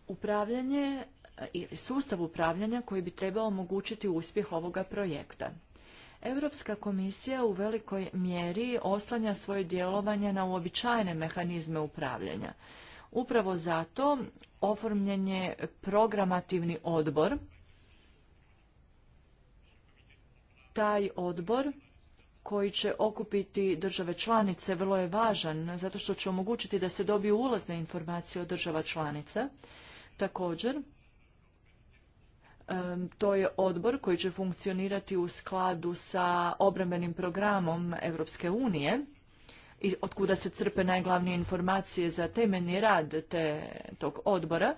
Upravljanje i sustav upravljanja koji bi trebao omogućiti uspjeh ovoga projekta. Europska komisija u velikoj mjeri oslanja svoje djelovanje na uobičajene mehanizme upravljanja. Upravo zato oformljen je programativni odbor. Taj odbor koji će okupiti države članice vrlo je važan zato što će omogućiti da se dobiju ulazne informacije od država članica. Također, to je odbor koji će funkcionirati u skladu sa obrambenim programom Europske unije i od kuda se crpe najglavnije informacije za temeljni rad te, tog odbora. E,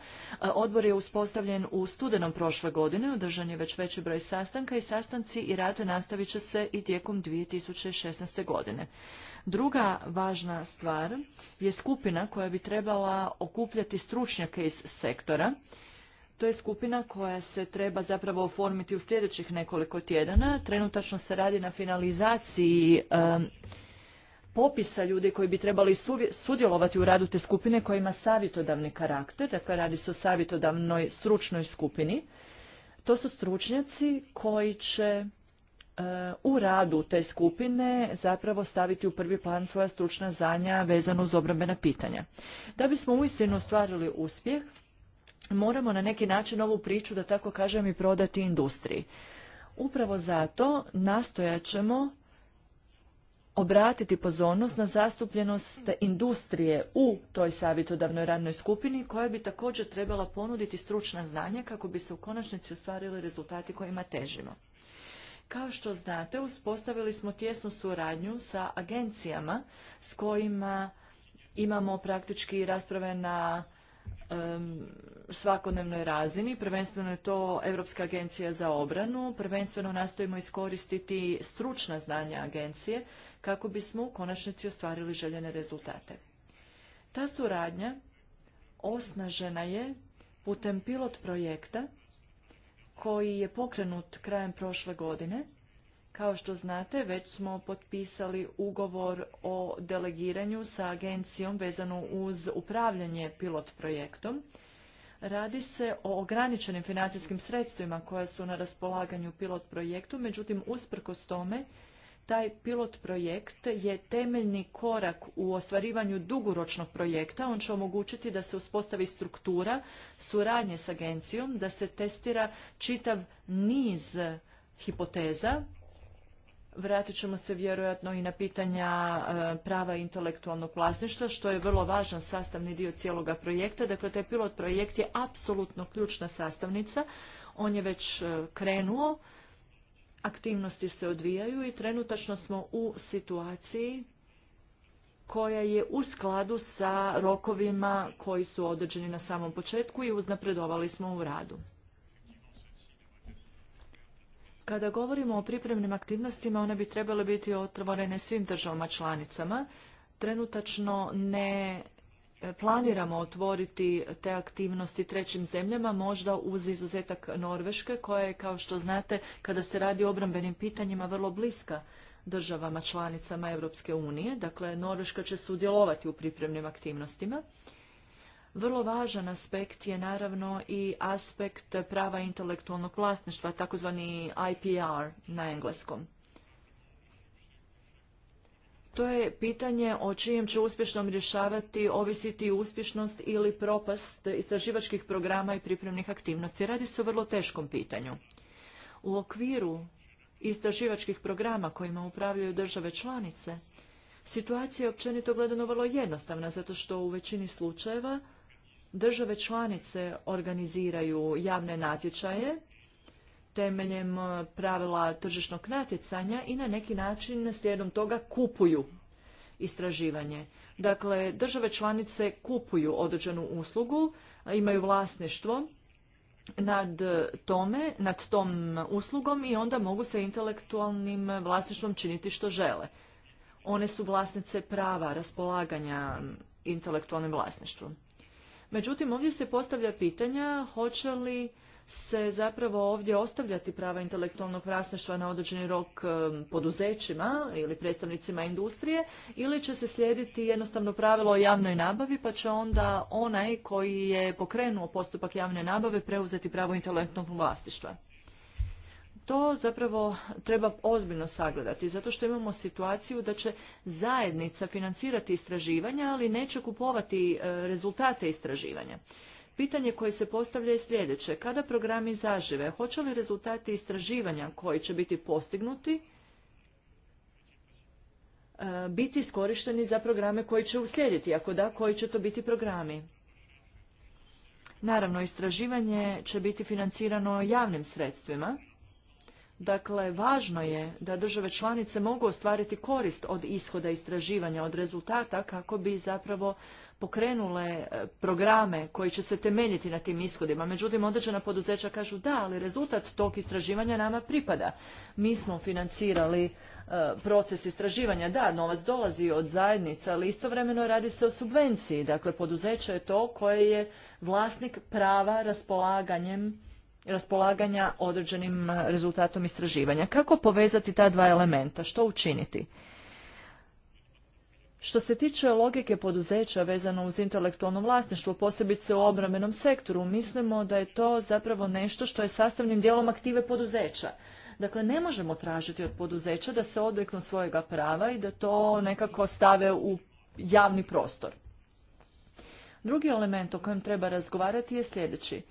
odbor je uspostavljen u studenom prošle godine, održan je već veći broj sastanka i sastanci i rad nastavit će se i tijekom 2016. godine. Druga važna stvar je skupina koja bi trebala okupljati stručnjake iz sektora. To je skupina koja se treba zapravo oformiti u sljedećih nekoliko tjedana. Trenutačno se radi na finalizaciji popisa ljudi koji bi trebali sudjelovati u radu te skupine koja ima savjetodavni karakter, dakle radi se o savjetodavnoj stručnoj skupini. To su stručnjaci koji će e, u radu te skupine zapravo staviti u prvi plan svoja stručna znanja vezano uz obrambena pitanja. Da bismo uistinu ostvarili uspjeh, moramo na neki način ovu priču, da tako kažem, i prodati industriji. Upravo zato nastojat ćemo obratiti pozornost na zastupljenost industrije u toj savjetodavnoj radnoj skupini koja bi također trebala ponuditi stručna znanja kako bi se u konačnici ostvarili rezultati kojima težimo. Kao što znate, uspostavili smo tjesnu suradnju sa agencijama s kojima imamo praktički rasprave na svakodnevnoj razini. Prvenstveno je to Europska agencija za obranu. Prvenstveno nastojimo iskoristiti stručna znanja agencije kako bismo u konačnici ostvarili željene rezultate. Ta suradnja osnažena je putem pilot projekta koji je pokrenut krajem prošle godine. Kao što znate, već smo potpisali ugovor o delegiranju sa agencijom vezano uz upravljanje pilot projektom. Radi se o ograničenim financijskim sredstvima koja su na raspolaganju pilot projektu, međutim usprkos tome taj pilot projekt je temeljni korak u ostvarivanju dugoročnog projekta. On će omogućiti da se uspostavi struktura suradnje s agencijom, da se testira čitav niz hipoteza. Vratit ćemo se vjerojatno i na pitanja e, prava intelektualnog vlasništva, što je vrlo važan sastavni dio cijeloga projekta. Dakle, taj pilot projekt je apsolutno ključna sastavnica. On je već e, krenuo aktivnosti se odvijaju i trenutačno smo u situaciji koja je u skladu sa rokovima koji su određeni na samom početku i uznapredovali smo u radu. Kada govorimo o pripremnim aktivnostima, one bi trebale biti otvorene svim državama članicama. Trenutačno ne planiramo otvoriti te aktivnosti trećim zemljama, možda uz izuzetak Norveške koja je, kao što znate, kada se radi o obrambenim pitanjima vrlo bliska državama članicama Europske unije. Dakle, Norveška će sudjelovati u pripremnim aktivnostima. Vrlo važan aspekt je naravno i aspekt prava intelektualnog vlasništva, takozvani IPR na engleskom to je pitanje o čijem će uspješnom rješavati ovisiti uspješnost ili propast istraživačkih programa i pripremnih aktivnosti. Radi se o vrlo teškom pitanju. U okviru istraživačkih programa kojima upravljaju države članice, situacija je općenito gledano vrlo jednostavna, zato što u većini slučajeva države članice organiziraju javne natječaje temeljem e, pravila tržišnog natjecanja i na neki način slijedom toga kupuju istraživanje. Dakle, države članice kupuju određenu uslugu, imaju vlasništvo nad e, tome, nad tom uslugom i onda mogu sa intelektualnim vlasništvom činiti što žele. One su vlasnice prava raspolaganja intelektualnim vlasništvom. Međutim, ovdje se postavlja pitanja hoće li se zapravo ovdje ostavljati prava intelektualnog vlasništva na određeni rok e, poduzećima ili predstavnicima industrije ili će se slijediti jednostavno pravilo o javnoj nabavi pa će onda onaj koji je pokrenuo postupak javne nabave preuzeti pravo intelektualnog vlasništva. To zapravo treba ozbiljno sagledati, zato što imamo situaciju da će zajednica financirati istraživanja, ali neće kupovati e, rezultate istraživanja. Pitanje koje se postavlja je sljedeće. Kada programi zažive, hoće li rezultati istraživanja koji će biti postignuti e, biti iskorišteni za programe koji će uslijediti? Ako da, koji će to biti programi? Naravno, istraživanje će biti financirano javnim sredstvima. Dakle, važno je da države članice mogu ostvariti korist od ishoda istraživanja, od rezultata kako bi zapravo pokrenule e, programe koji će se temeljiti na tim ishodima. Međutim, određena poduzeća kažu da, ali rezultat tog istraživanja nama pripada. Mi smo financirali e, proces istraživanja. Da, novac dolazi od zajednica, ali istovremeno radi se o subvenciji. Dakle, poduzeće je to koje je vlasnik prava raspolaganjem raspolaganja određenim e, rezultatom istraživanja. Kako povezati ta dva elementa? Što učiniti? Što se tiče logike poduzeća vezano uz intelektualno vlasništvo, posebice u obrambenom sektoru, mislimo da je to zapravo nešto što je sastavnim dijelom aktive poduzeća. Dakle, ne možemo tražiti od poduzeća da se odreknu svojega prava i da to nekako stave u javni prostor. Drugi element o kojem treba razgovarati je sljedeći.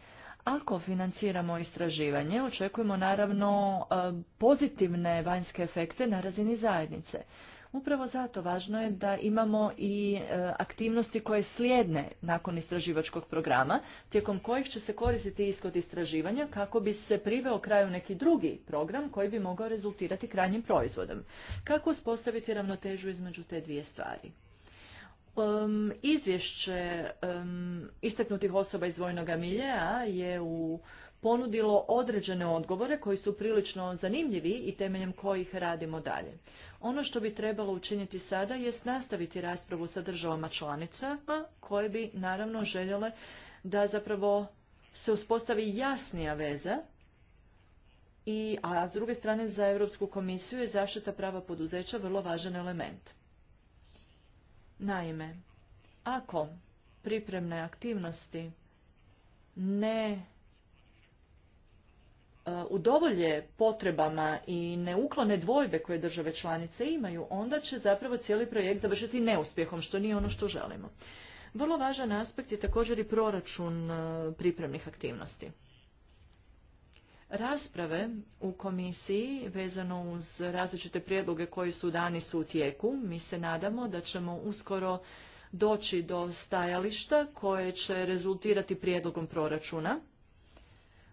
Ako financiramo istraživanje, očekujemo naravno e, pozitivne vanjske efekte na razini zajednice. Upravo zato važno je da imamo i e, aktivnosti koje slijedne nakon istraživačkog programa, tijekom kojih će se koristiti ishod istraživanja kako bi se priveo kraju neki drugi program koji bi mogao rezultirati krajnjim proizvodom. Kako uspostaviti ravnotežu između te dvije stvari? Um, izvješće um, istaknutih osoba iz vojnog miljea je u ponudilo određene odgovore koji su prilično zanimljivi i temeljem kojih radimo dalje. Ono što bi trebalo učiniti sada jest nastaviti raspravu sa državama članicama koje bi naravno željele da zapravo se uspostavi jasnija veza i, a s druge strane za Europsku komisiju je zaštita prava poduzeća vrlo važan element. Naime, ako pripremne aktivnosti ne udovolje potrebama i ne uklone dvojbe koje države članice imaju, onda će zapravo cijeli projekt završiti neuspjehom, što nije ono što želimo. Vrlo važan aspekt je također i proračun e, pripremnih aktivnosti. Rasprave u komisiji vezano uz različite prijedloge koji su dani su u tijeku. Mi se nadamo da ćemo uskoro doći do stajališta koje će rezultirati prijedlogom proračuna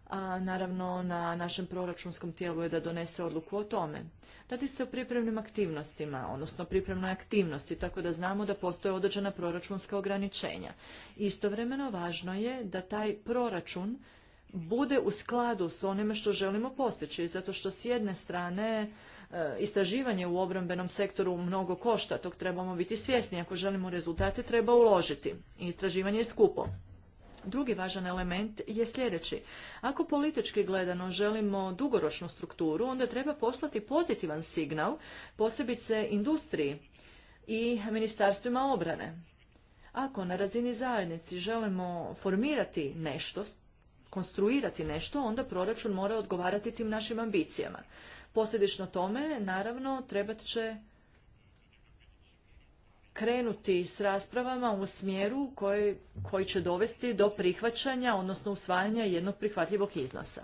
a naravno na našem proračunskom tijelu je da donese odluku o tome. Radi se o pripremnim aktivnostima, odnosno pripremnoj aktivnosti, tako da znamo da postoje određena proračunska ograničenja. Istovremeno važno je da taj proračun bude u skladu s onime što želimo postići, zato što s jedne strane e, istraživanje u obrambenom sektoru mnogo košta, tog trebamo biti svjesni. Ako želimo rezultate, treba uložiti. Istraživanje je skupo. Drugi važan element je sljedeći. Ako politički gledano želimo dugoročnu strukturu, onda treba poslati pozitivan signal, posebice industriji i ministarstvima obrane. Ako na razini zajednici želimo formirati nešto, konstruirati nešto, onda proračun mora odgovarati tim našim ambicijama. Posljedično tome, naravno, trebat će krenuti s raspravama u smjeru koji, će dovesti do prihvaćanja, odnosno usvajanja jednog prihvatljivog iznosa.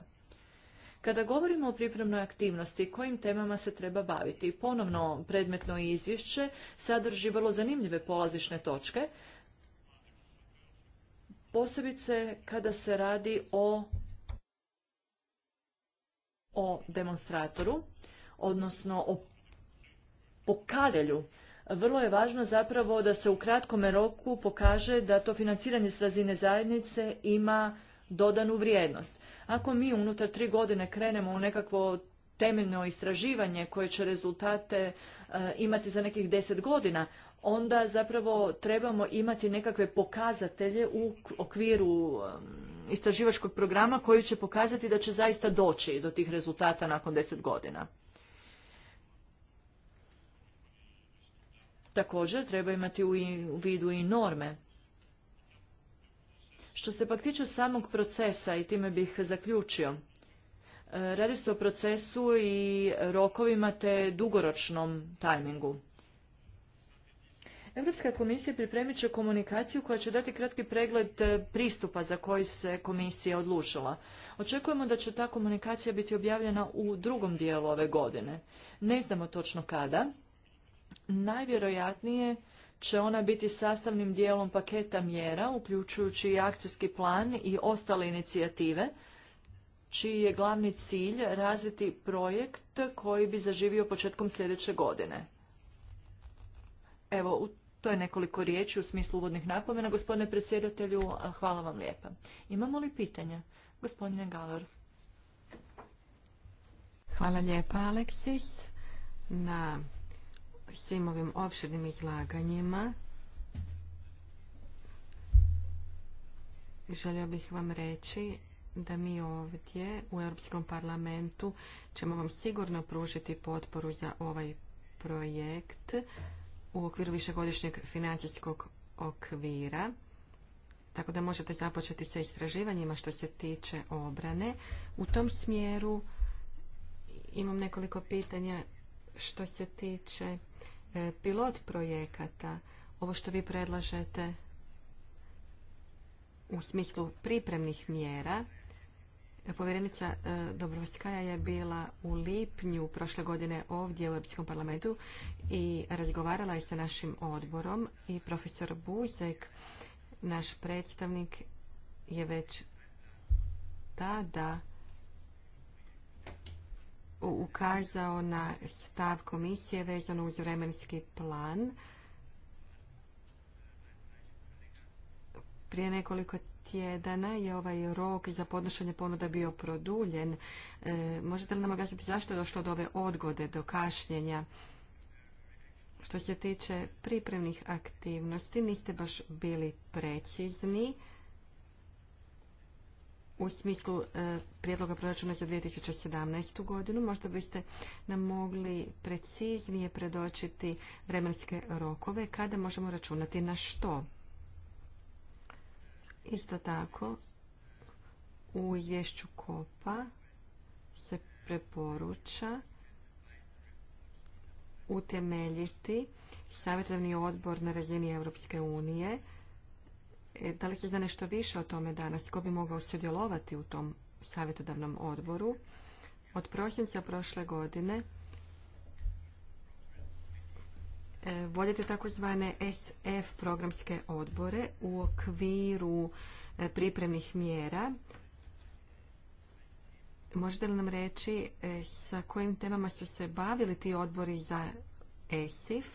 Kada govorimo o pripremnoj aktivnosti, kojim temama se treba baviti? Ponovno, predmetno izvješće sadrži vrlo zanimljive polazišne točke, posebice kada se radi o, o demonstratoru, odnosno o pokazatelju vrlo je važno zapravo da se u kratkom roku pokaže da to financiranje s razine zajednice ima dodanu vrijednost. Ako mi unutar tri godine krenemo u nekakvo temeljno istraživanje koje će rezultate e, imati za nekih deset godina, onda zapravo trebamo imati nekakve pokazatelje u okviru istraživačkog programa koji će pokazati da će zaista doći do tih rezultata nakon deset godina. Također treba imati u vidu i norme. Što se pak tiče samog procesa i time bih zaključio, e, radi se o procesu i rokovima te dugoročnom tajmingu. Europska komisija pripremit će komunikaciju koja će dati kratki pregled e, pristupa za koji se komisija odlučila. Očekujemo da će ta komunikacija biti objavljena u drugom dijelu ove godine. Ne znamo točno kada, najvjerojatnije će ona biti sastavnim dijelom paketa mjera, uključujući i akcijski plan i ostale inicijative, čiji je glavni cilj razviti projekt koji bi zaživio početkom sljedeće godine. Evo, to je nekoliko riječi u smislu uvodnih napomena. Gospodine predsjedatelju, hvala vam lijepa. Imamo li pitanja? Gospodine Galor. Hvala lijepa, Aleksis, na svim ovim opširnim izlaganjima. Želio bih vam reći da mi ovdje u Europskom parlamentu ćemo vam sigurno pružiti potporu za ovaj projekt u okviru višegodišnjeg financijskog okvira. Tako da možete započeti sa istraživanjima što se tiče obrane. U tom smjeru imam nekoliko pitanja što se tiče E, pilot projekata. Ovo što vi predlažete u smislu pripremnih mjera, e, Povjerenica e, Dobrovskaja je bila u lipnju prošle godine ovdje u Europskom parlamentu i razgovarala je sa našim odborom i profesor Buzek, naš predstavnik, je već tada ukazao na stav komisije vezano uz vremenski plan. Prije nekoliko tjedana je ovaj rok za podnošenje ponuda bio produljen. E, možete li nam objasniti zašto je došlo do ove odgode, do kašnjenja? Što se tiče pripremnih aktivnosti, niste baš bili precizni u smislu e, prijedloga proračuna za 2017. godinu. Možda biste nam mogli preciznije predočiti vremenske rokove kada možemo računati na što. Isto tako, u izvješću KOPA se preporuča utemeljiti Savjetovni odbor na razini Europske unije E, da li se zna nešto više o tome danas? Ko bi mogao sudjelovati u tom savjetodavnom odboru? Od prosinca prošle godine e, vodite takozvane SF programske odbore u okviru e, pripremnih mjera. Možete li nam reći sa kojim temama su se bavili ti odbori za ESIF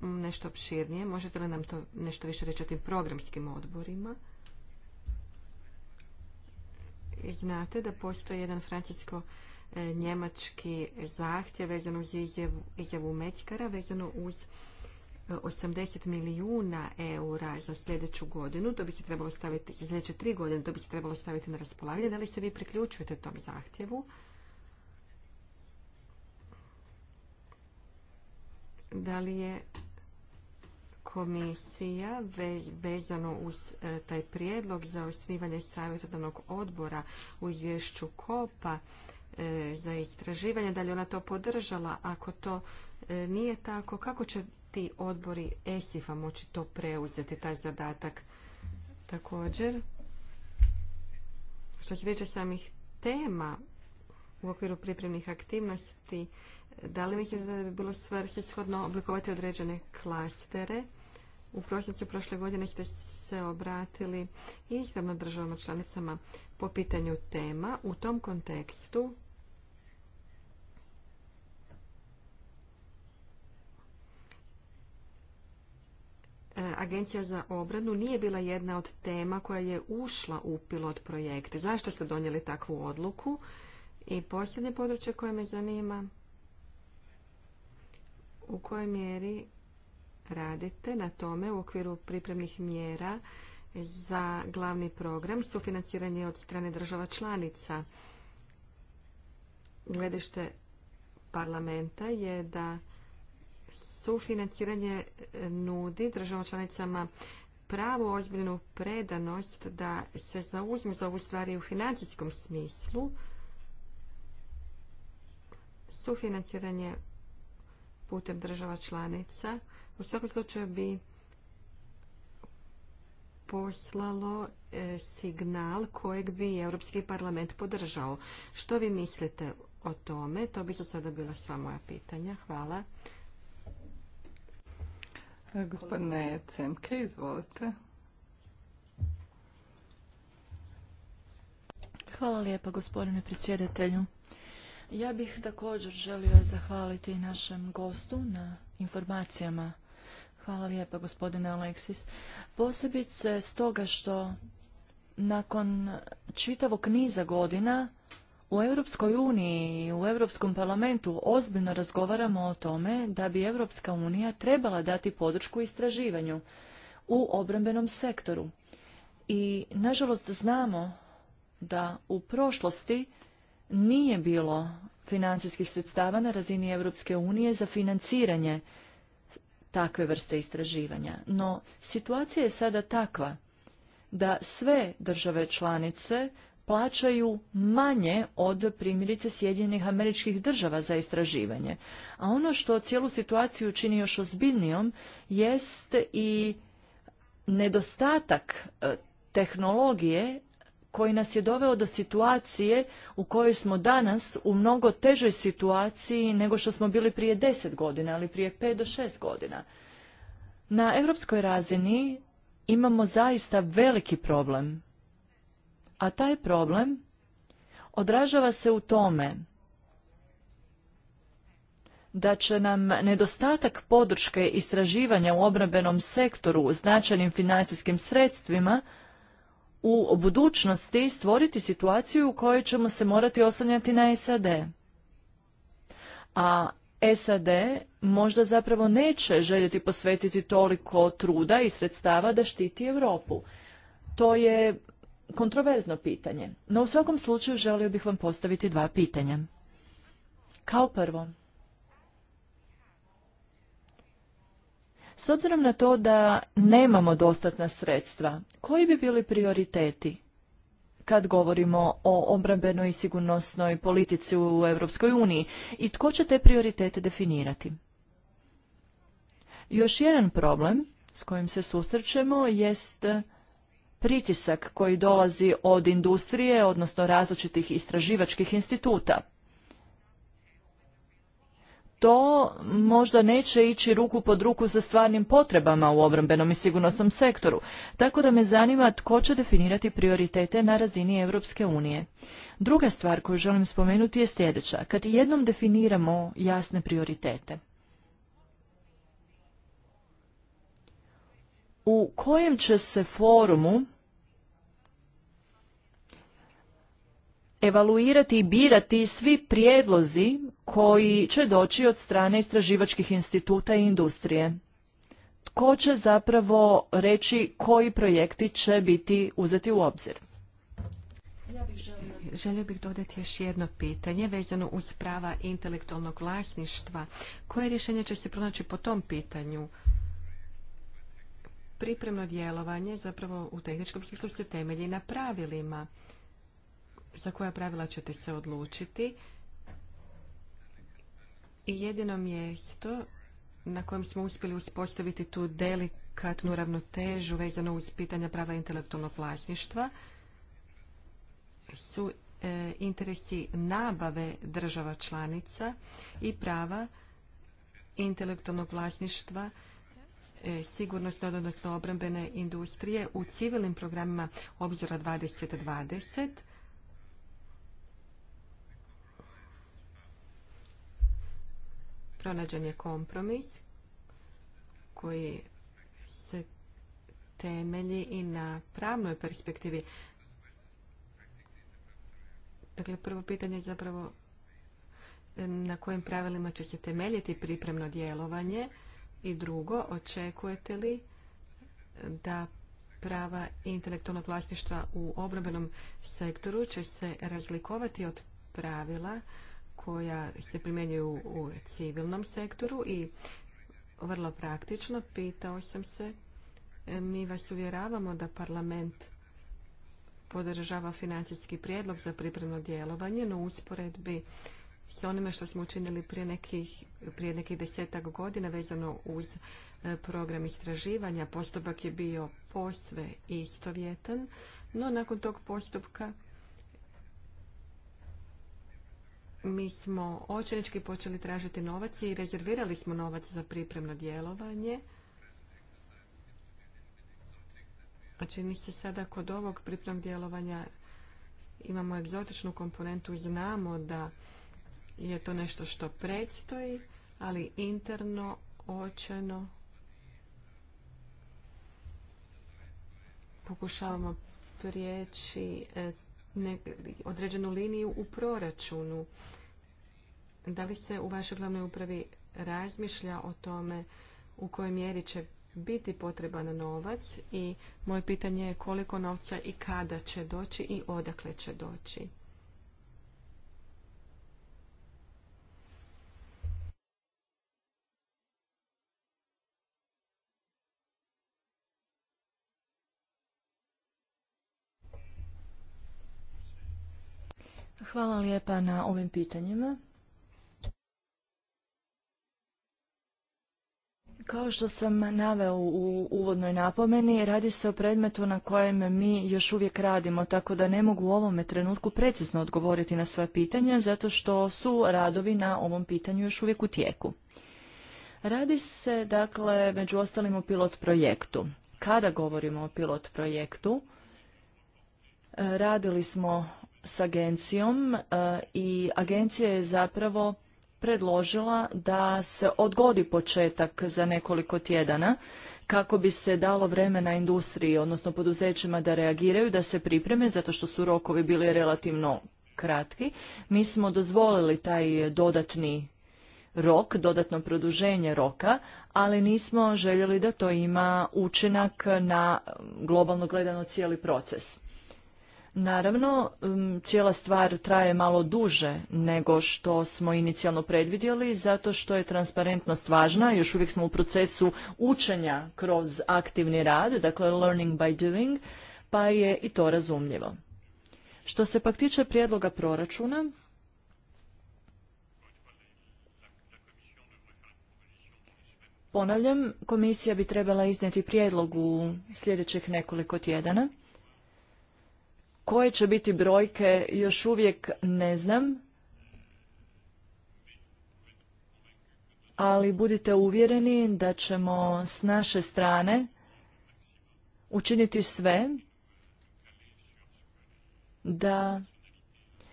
nešto opširnije. Možete li nam to nešto više reći o tim programskim odborima? Znate da postoji jedan francusko njemački zahtjev vezano uz izjavu Mečkara, vezano uz 80 milijuna eura za sljedeću godinu, to bi se trebalo staviti, za sljedeće tri godine, to bi se trebalo staviti na raspolaganje. Da li se vi priključujete tom zahtjevu? da li je komisija vezano uz e, taj prijedlog za osnivanje savjetodavnog odbora u izvješću kopa e, za istraživanje, da li ona to podržala? Ako to e, nije tako, kako će ti odbori ESIF-a moći to preuzeti, taj zadatak također? Što se tiče samih tema u okviru pripremnih aktivnosti, da li mislite da bi bilo shodno oblikovati određene klastere? U prosincu prošle godine ste se obratili izravno državama članicama po pitanju tema. U tom kontekstu e, Agencija za obranu nije bila jedna od tema koja je ušla u pilot projekte. Zašto ste donijeli takvu odluku? I posljednje područje koje me zanima u kojoj mjeri radite na tome u okviru pripremnih mjera za glavni program sufinanciranje od strane država članica. Gledište parlamenta je da sufinanciranje nudi državama članicama pravu ozbiljnu predanost da se zauzme za ovu stvar i u financijskom smislu. Sufinanciranje putem država članica. U svakom slučaju bi poslalo e, signal kojeg bi Europski parlament podržao. Što vi mislite o tome? To bi za sada bila sva moja pitanja. Hvala. Gospodine Cemke, izvolite. Hvala lijepa gospodine predsjedatelju. Ja bih također želio zahvaliti našem gostu na informacijama. Hvala lijepa gospodine Aleksis. Posebice stoga što nakon čitavog niza godina u Europskoj uniji i u Europskom parlamentu ozbiljno razgovaramo o tome da bi Europska unija trebala dati podršku istraživanju u obrambenom sektoru. I nažalost znamo da u prošlosti nije bilo financijskih sredstava na razini Europske unije za financiranje takve vrste istraživanja. No, situacija je sada takva da sve države članice plaćaju manje od primjerice Sjedinjenih američkih država za istraživanje. A ono što cijelu situaciju čini još ozbiljnijom jest i nedostatak e, tehnologije koji nas je doveo do situacije u kojoj smo danas u mnogo težoj situaciji nego što smo bili prije deset godina, ali prije pet do šest godina. Na europskoj razini imamo zaista veliki problem. A taj problem odražava se u tome da će nam nedostatak podrške istraživanja u obrambenom sektoru značajnim financijskim sredstvima u budućnosti stvoriti situaciju u kojoj ćemo se morati oslanjati na SAD. A SAD možda zapravo neće željeti posvetiti toliko truda i sredstava da štiti Europu. To je kontroverzno pitanje, no u svakom slučaju želio bih vam postaviti dva pitanja. Kao prvo, S obzirom na to da nemamo dostatna sredstva, koji bi bili prioriteti kad govorimo o obrambenoj i sigurnosnoj politici u Europskoj uniji i tko će te prioritete definirati? Još jedan problem s kojim se susrećemo jest pritisak koji dolazi od industrije, odnosno različitih istraživačkih instituta to možda neće ići ruku pod ruku sa stvarnim potrebama u obrambenom i sigurnosnom sektoru. Tako da me zanima tko će definirati prioritete na razini Europske unije. Druga stvar koju želim spomenuti je sljedeća. Kad jednom definiramo jasne prioritete, u kojem će se forumu evaluirati i birati svi prijedlozi koji će doći od strane istraživačkih instituta i industrije. Tko će zapravo reći koji projekti će biti uzeti u obzir? Ja bih želio... Želio bih dodati još jedno pitanje vezano uz prava intelektualnog vlasništva. Koje rješenje će se pronaći po tom pitanju? Pripremno djelovanje zapravo u tehničkom smislu se temelji na pravilima. Za koja pravila ćete se odlučiti? i jedino mjesto na kojem smo uspjeli uspostaviti tu delikatnu ravnotežu vezano uz pitanja prava intelektualnog vlasništva su e, interesi nabave država članica i prava intelektualnog vlasništva e, sigurnosne, odnosno obrambene industrije u civilnim programima obzora 2020 Pronađen je kompromis koji se temelji i na pravnoj perspektivi. Dakle, prvo pitanje je zapravo na kojim pravilima će se temeljiti pripremno djelovanje i drugo, očekujete li da prava intelektualnog vlasništva u obrambenom sektoru će se razlikovati od pravila koja se primjenjuju u civilnom sektoru i vrlo praktično pitao sam se e, mi vas uvjeravamo da parlament podržava financijski prijedlog za pripremno djelovanje, no usporedbi s onime što smo učinili prije nekih, prije nekih desetak godina vezano uz e, program istraživanja. Postupak je bio posve istovjetan, no nakon tog postupka mi smo očenički počeli tražiti novac i rezervirali smo novac za pripremno djelovanje. A čini se sada kod ovog pripremnog djelovanja imamo egzotičnu komponentu, znamo da je to nešto što predstoji, ali interno, očeno, pokušavamo prijeći e, određenu liniju u proračunu. Da li se u vašoj glavnoj upravi razmišlja o tome u kojoj mjeri će biti potreban novac i moje pitanje je koliko novca i kada će doći i odakle će doći. Hvala lijepa na ovim pitanjima. Kao što sam naveo u uvodnoj napomeni, radi se o predmetu na kojem mi još uvijek radimo, tako da ne mogu u ovome trenutku precizno odgovoriti na sva pitanja, zato što su radovi na ovom pitanju još uvijek u tijeku. Radi se, dakle, među ostalim o pilot projektu. Kada govorimo o pilot projektu, e, radili smo s agencijom e, i agencija je zapravo predložila da se odgodi početak za nekoliko tjedana kako bi se dalo vremena industriji, odnosno poduzećima da reagiraju, da se pripreme, zato što su rokovi bili relativno kratki. Mi smo dozvolili taj dodatni rok, dodatno produženje roka, ali nismo željeli da to ima učinak na globalno gledano cijeli proces. Naravno, cijela stvar traje malo duže nego što smo inicijalno predvidjeli, zato što je transparentnost važna, još uvijek smo u procesu učenja kroz aktivni rad, dakle learning by doing, pa je i to razumljivo. Što se pak tiče prijedloga proračuna, Ponavljam, komisija bi trebala iznijeti prijedlog u sljedećih nekoliko tjedana. Koje će biti brojke još uvijek ne znam, ali budite uvjereni da ćemo s naše strane učiniti sve da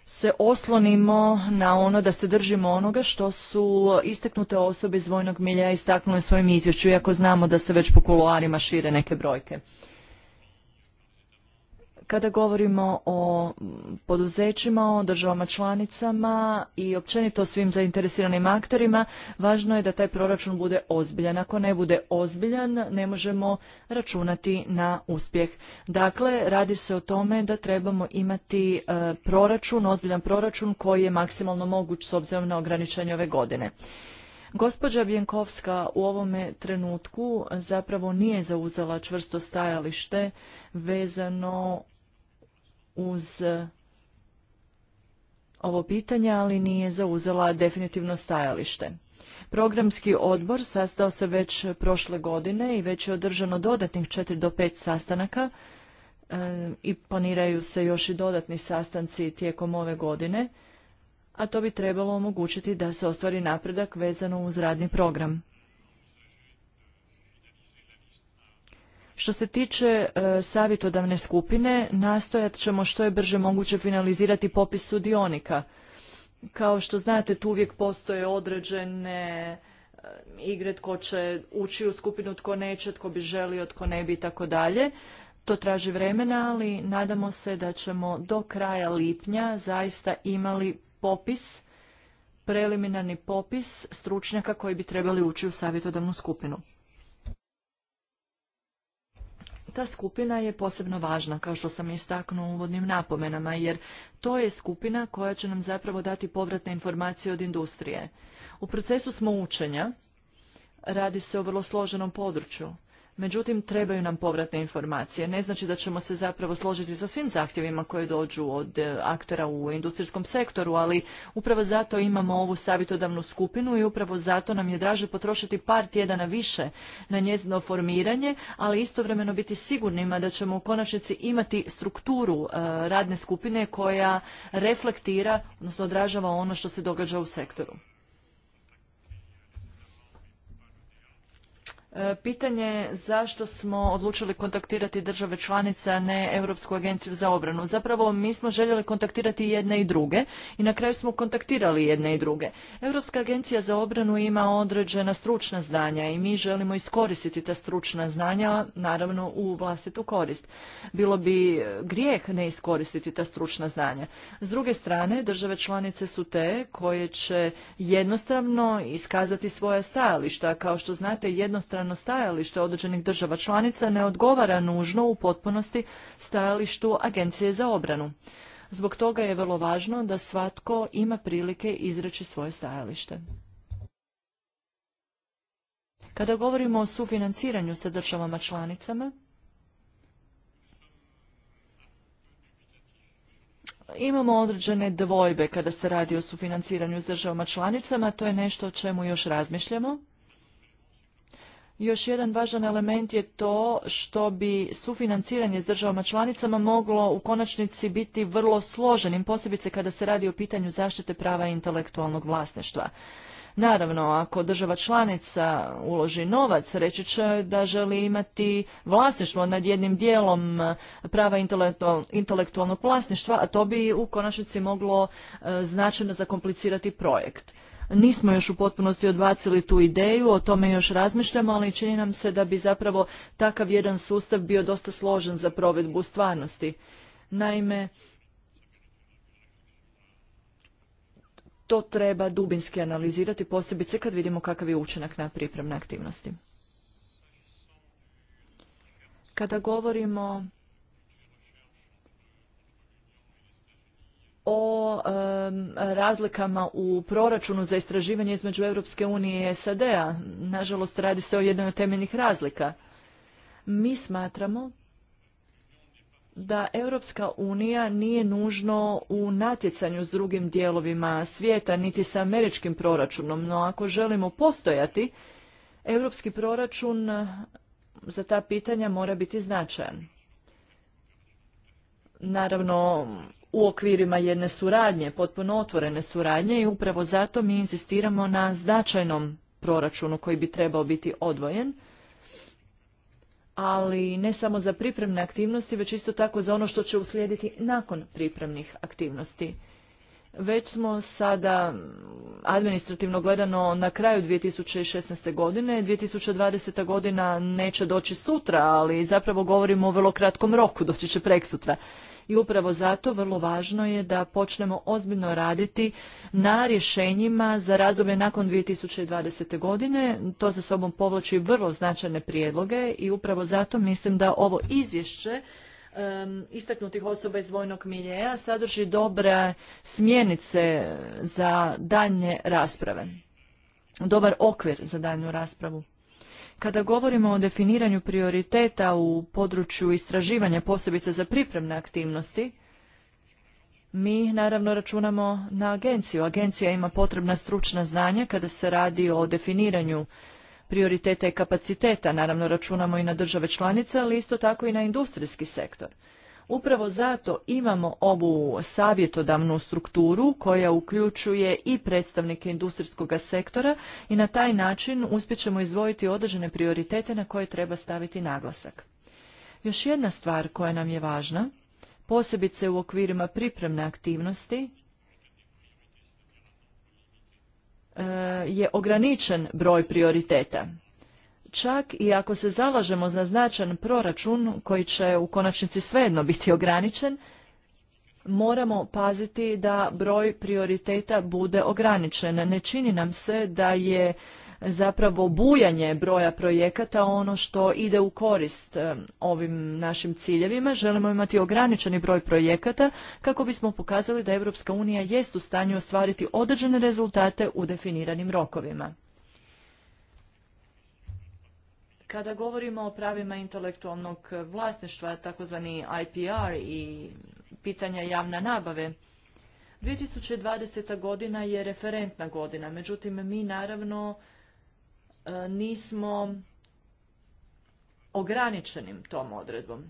se oslonimo na ono da se držimo onoga što su istaknute osobe iz vojnog milja istaknule svojim izvješću, iako znamo da se već po kuloarima šire neke brojke. Kada govorimo o poduzećima, o državama članicama i općenito svim zainteresiranim akterima, važno je da taj proračun bude ozbiljan. Ako ne bude ozbiljan, ne možemo računati na uspjeh. Dakle, radi se o tome da trebamo imati e, proračun, ozbiljan proračun koji je maksimalno moguć s obzirom na ograničenje ove godine. Gospođa Bjenkovska u ovome trenutku zapravo nije zauzela čvrsto stajalište vezano uz e, ovo pitanje, ali nije zauzela definitivno stajalište. Programski odbor sastao se već prošle godine i već je održano dodatnih četiri do pet sastanaka e, i planiraju se još i dodatni sastanci tijekom ove godine, a to bi trebalo omogućiti da se ostvari napredak vezano uz radni program. Što se tiče e, savjetodavne skupine, nastojat ćemo što je brže moguće finalizirati popis sudionika. Kao što znate, tu uvijek postoje određene e, igre tko će ući u skupinu, tko neće, tko bi želio, tko ne bi i tako dalje. To traži vremena, ali nadamo se da ćemo do kraja lipnja zaista imali popis, preliminarni popis stručnjaka koji bi trebali ući u savjetodavnu skupinu ta skupina je posebno važna, kao što sam istaknuo u uvodnim napomenama, jer to je skupina koja će nam zapravo dati povratne informacije od industrije. U procesu smo učenja, radi se o vrlo složenom području međutim trebaju nam povratne informacije. Ne znači da ćemo se zapravo složiti sa svim zahtjevima koje dođu od e, aktera u industrijskom sektoru, ali upravo zato imamo ovu savjetodavnu skupinu i upravo zato nam je draže potrošiti par tjedana više na njezino formiranje, ali istovremeno biti sigurnima da ćemo u konačnici imati strukturu e, radne skupine koja reflektira, odnosno odražava ono što se događa u sektoru. E, pitanje zašto smo odlučili kontaktirati države članice, a ne Europsku agenciju za obranu. Zapravo mi smo željeli kontaktirati jedne i druge i na kraju smo kontaktirali jedne i druge. Europska agencija za obranu ima određena stručna znanja i mi želimo iskoristiti ta stručna znanja, naravno u vlastitu korist. Bilo bi e, grijeh ne iskoristiti ta stručna znanja. S druge strane, države članice su te koje će jednostavno iskazati svoja stajališta. Kao što znate, jednostavno jednostrano stajalište određenih država članica ne odgovara nužno u potpunosti stajalištu Agencije za obranu. Zbog toga je vrlo važno da svatko ima prilike izreći svoje stajalište. Kada govorimo o sufinanciranju sa državama članicama, imamo određene dvojbe kada se radi o sufinanciranju s državama članicama, to je nešto o čemu još razmišljamo. Još jedan važan element je to što bi sufinanciranje s državama članicama moglo u konačnici biti vrlo složenim, posebice kada se radi o pitanju zaštite prava intelektualnog vlasništva. Naravno, ako država članica uloži novac, reći će da želi imati vlasništvo nad jednim dijelom prava intelektualnog vlasništva, a to bi u konačnici moglo e, značajno zakomplicirati projekt. Nismo još u potpunosti odbacili tu ideju, o tome još razmišljamo, ali čini nam se da bi zapravo takav jedan sustav bio dosta složen za provedbu stvarnosti. Naime, to treba dubinski analizirati, posebice kad vidimo kakav je učinak na pripremne aktivnosti. Kada govorimo o razlikama u proračunu za istraživanje između Europske unije i SAD-a. Nažalost, radi se o jednoj od temeljnih razlika. Mi smatramo da Europska unija nije nužno u natjecanju s drugim dijelovima svijeta, niti sa američkim proračunom, no ako želimo postojati, europski proračun za ta pitanja mora biti značajan. Naravno, u okvirima jedne suradnje, potpuno otvorene suradnje i upravo zato mi insistiramo na značajnom proračunu koji bi trebao biti odvojen, ali ne samo za pripremne aktivnosti, već isto tako za ono što će uslijediti nakon pripremnih aktivnosti. Već smo sada administrativno gledano na kraju 2016. godine, 2020. godina neće doći sutra, ali zapravo govorimo o vrlo kratkom roku, doći će prek i upravo zato vrlo važno je da počnemo ozbiljno raditi na rješenjima za razdoblje nakon 2020. godine. To za sobom povlači vrlo značajne prijedloge i upravo zato mislim da ovo izvješće istaknutih osoba iz vojnog miljeja sadrži dobre smjernice za daljnje rasprave. Dobar okvir za daljnju raspravu. Kada govorimo o definiranju prioriteta u području istraživanja, posebice za pripremne aktivnosti, mi naravno računamo na agenciju. Agencija ima potrebna stručna znanja kada se radi o definiranju prioriteta i kapaciteta. Naravno računamo i na države članice, ali isto tako i na industrijski sektor. Upravo zato imamo ovu savjetodavnu strukturu koja uključuje i predstavnike industrijskog sektora i na taj način ćemo izvojiti određene prioritete na koje treba staviti naglasak. Još jedna stvar koja nam je važna, posebice u okvirima pripremne aktivnosti, e, je ograničen broj prioriteta čak i ako se zalažemo za značan proračun koji će u konačnici svejedno biti ograničen, moramo paziti da broj prioriteta bude ograničen. Ne čini nam se da je zapravo bujanje broja projekata ono što ide u korist e, ovim našim ciljevima. Želimo imati ograničeni broj projekata kako bismo pokazali da Europska unija jest u stanju ostvariti određene rezultate u definiranim rokovima. Kada govorimo o pravima intelektualnog vlasništva, takozvani IPR i pitanja javne nabave, 2020. godina je referentna godina, međutim mi naravno e, nismo ograničenim tom odredbom.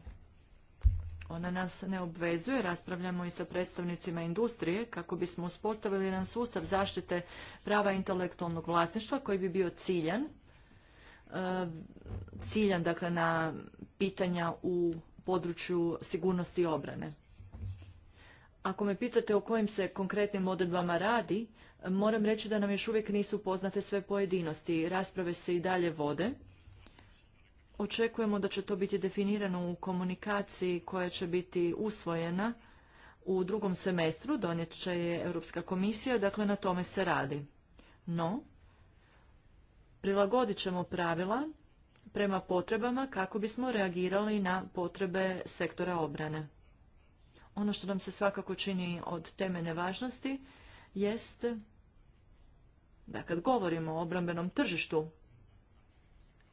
Ona nas ne obvezuje, raspravljamo i sa predstavnicima industrije kako bismo uspostavili jedan sustav zaštite prava intelektualnog vlasništva koji bi bio ciljan E, ciljan dakle, na pitanja u području sigurnosti i obrane. Ako me pitate o kojim se konkretnim odredbama radi, moram reći da nam još uvijek nisu poznate sve pojedinosti. Rasprave se i dalje vode. Očekujemo da će to biti definirano u komunikaciji koja će biti usvojena u drugom semestru, donijet će je Europska komisija, dakle na tome se radi. No, Prilagodit ćemo pravila prema potrebama kako bismo reagirali na potrebe sektora obrane. Ono što nam se svakako čini od temene važnosti jest da kad govorimo o obrambenom tržištu,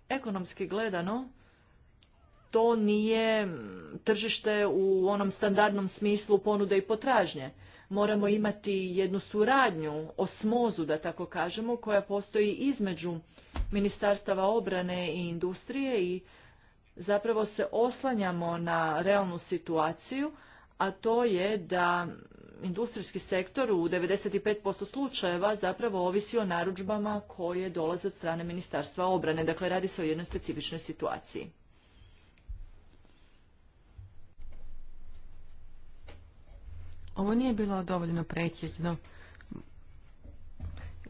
ekonomski gledano to nije tržište u onom standardnom smislu ponude i potražnje. Moramo imati jednu suradnju, osmozu da tako kažemo, koja postoji između Ministarstava obrane i industrije i zapravo se oslanjamo na realnu situaciju, a to je da industrijski sektor u 95% slučajeva zapravo ovisi o narudžbama koje dolaze od strane Ministarstva obrane. Dakle, radi se o jednoj specifičnoj situaciji. Ovo nije bilo dovoljno precizno.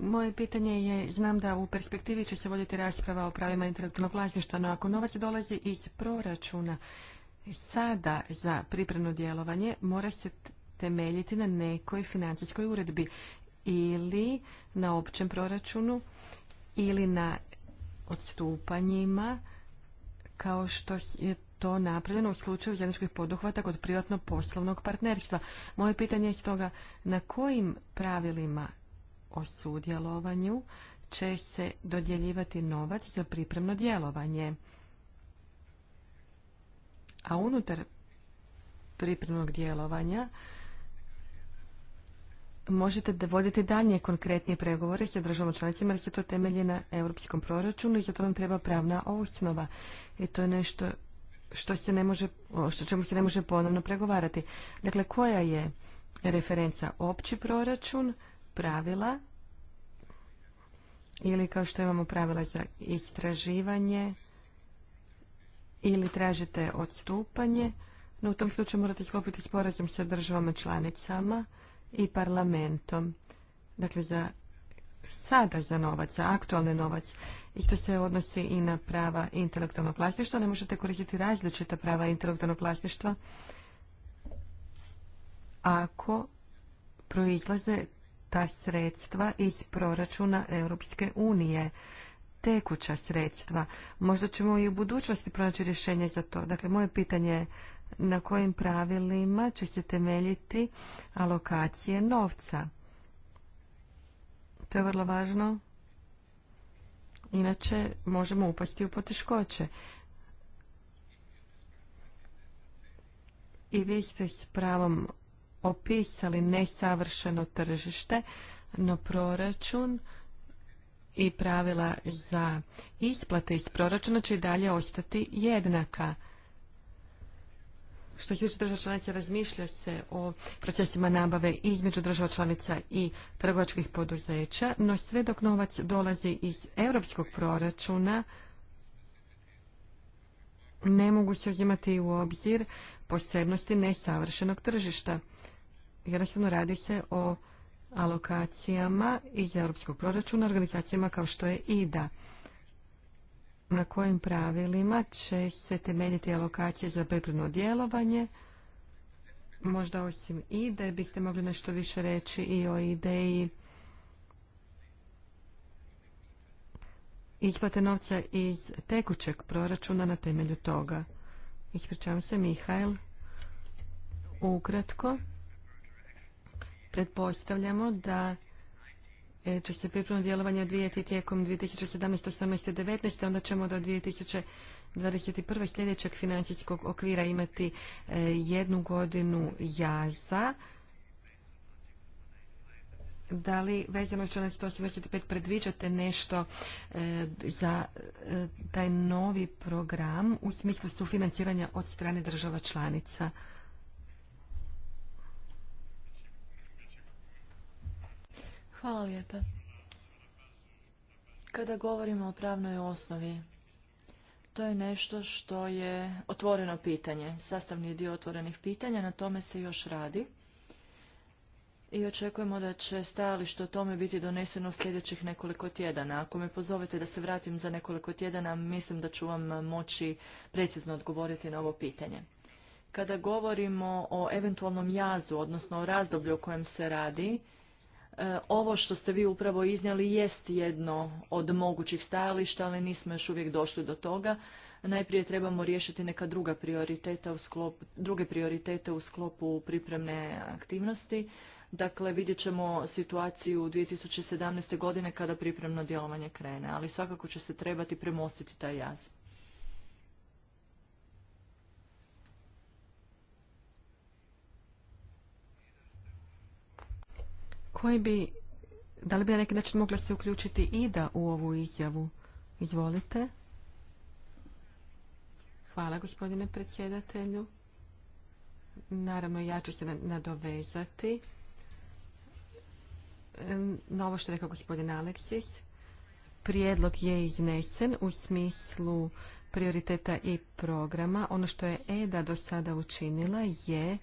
Moje pitanje je, znam da u perspektivi će se voditi rasprava o pravima intelektualnog vlasništva, no ako novac dolazi iz proračuna sada za pripremno djelovanje, mora se temeljiti na nekoj financijskoj uredbi ili na općem proračunu ili na odstupanjima kao što je to napravljeno u slučaju zajedničkih poduhvata kod privatno poslovnog partnerstva. Moje pitanje je stoga na kojim pravilima o sudjelovanju će se dodjeljivati novac za pripremno djelovanje. A unutar pripremnog djelovanja možete da voditi dalje konkretnije pregovore sa državom članicima jer se to temelji na europskom proračunu i to nam treba pravna osnova. I e, to je nešto što se ne može, što čemu se ne može ponovno pregovarati. Dakle, koja je referenca opći proračun, pravila ili kao što imamo pravila za istraživanje ili tražite odstupanje, no u tom slučaju morate sklopiti sporazum sa državama članicama i parlamentom. Dakle, za sada za novac, za aktualni novac. Isto se odnosi i na prava intelektualnog vlasništva. Ne možete koristiti različita prava intelektualnog vlasništva ako proizlaze ta sredstva iz proračuna Europske unije tekuća sredstva. Možda ćemo i u budućnosti pronaći rješenje za to. Dakle, moje pitanje je na kojim pravilima će se temeljiti alokacije novca. To je vrlo važno. Inače, možemo upasti u poteškoće. I vi ste s pravom opisali nesavršeno tržište, no proračun i pravila za isplate iz proračuna će i dalje ostati jednaka. Što se tiče država članica, razmišlja se o procesima nabave između država članica i trgovačkih poduzeća, no sve dok novac dolazi iz europskog proračuna, ne mogu se uzimati u obzir posebnosti nesavršenog tržišta. Jednostavno radi se o alokacijama iz europskog proračuna organizacijama kao što je IDA na kojim pravilima će se temeljiti alokacije za pripremno djelovanje. Možda osim ide, biste mogli nešto više reći i o ideji isplate novca iz tekućeg proračuna na temelju toga. Ispričavam se, Mihajl. Ukratko, pretpostavljamo da E, će se pripremno djelovanje odvijati tijekom 2017. 18. 19. Onda ćemo do 2021. sljedećeg financijskog okvira imati e, jednu godinu jaza. Da li vezano članak 185 predviđate nešto e, za taj novi program u smislu sufinanciranja od strane država članica? Hvala lijepa. Kada govorimo o pravnoj osnovi, to je nešto što je otvoreno pitanje, sastavni dio otvorenih pitanja, na tome se još radi. I očekujemo da će stajalište o tome biti doneseno u sljedećih nekoliko tjedana. Ako me pozovete da se vratim za nekoliko tjedana, mislim da ću vam moći precizno odgovoriti na ovo pitanje. Kada govorimo o eventualnom jazu, odnosno o razdoblju o kojem se radi, E, ovo što ste vi upravo iznijeli jest jedno od mogućih stajališta, ali nismo još uvijek došli do toga. Najprije trebamo riješiti neka druga prioriteta u sklopu, druge prioritete u sklopu pripremne aktivnosti. Dakle, vidjet ćemo situaciju 2017. godine kada pripremno djelovanje krene, ali svakako će se trebati premostiti taj jaz. Koji bi, da li bi na neki način mogla se uključiti Ida u ovu izjavu? Izvolite. Hvala gospodine predsjedatelju. Naravno, ja ću se nadovezati na ovo što rekao gospodin Aleksis. Prijedlog je iznesen u smislu prioriteta i programa. Ono što je EDA do sada učinila je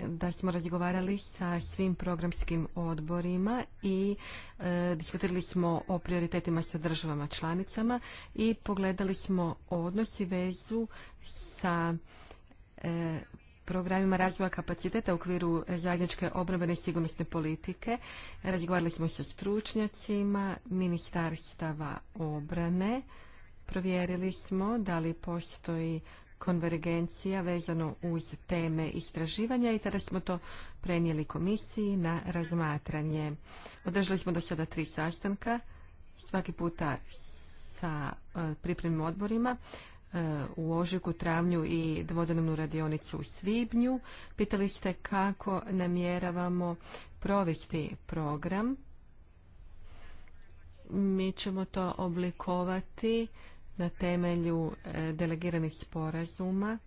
da smo razgovarali sa svim programskim odborima i e, diskutirali smo o prioritetima sa državama članicama i pogledali smo odnos i vezu sa e, programima razvoja kapaciteta u okviru zajedničke obrambene i sigurnosne politike. Razgovarali smo sa stručnjacima ministarstava obrane. Provjerili smo da li postoji konvergencija vezano uz teme istraživanja i tada smo to prenijeli komisiji na razmatranje. Održali smo do sada tri sastanka, svaki puta sa e, pripremnim odborima e, u ožujku, travnju i dvodnevnu radionicu u svibnju. Pitali ste kako namjeravamo provesti program. Mi ćemo to oblikovati na temelju e, delegiranih sporazuma.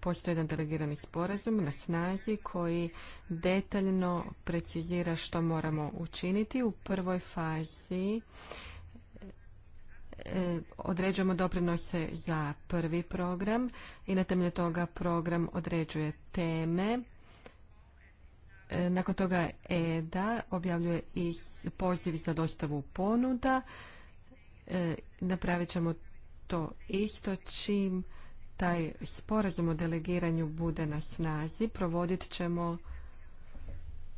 Postoji jedan delegirani sporazum na snazi koji detaljno precizira što moramo učiniti. U prvoj fazi e, određujemo doprinose za prvi program i na temelju toga program određuje teme. E, nakon toga EDA objavljuje i poziv za dostavu ponuda E, napravit ćemo to isto čim taj sporazum o delegiranju bude na snazi. Provodit ćemo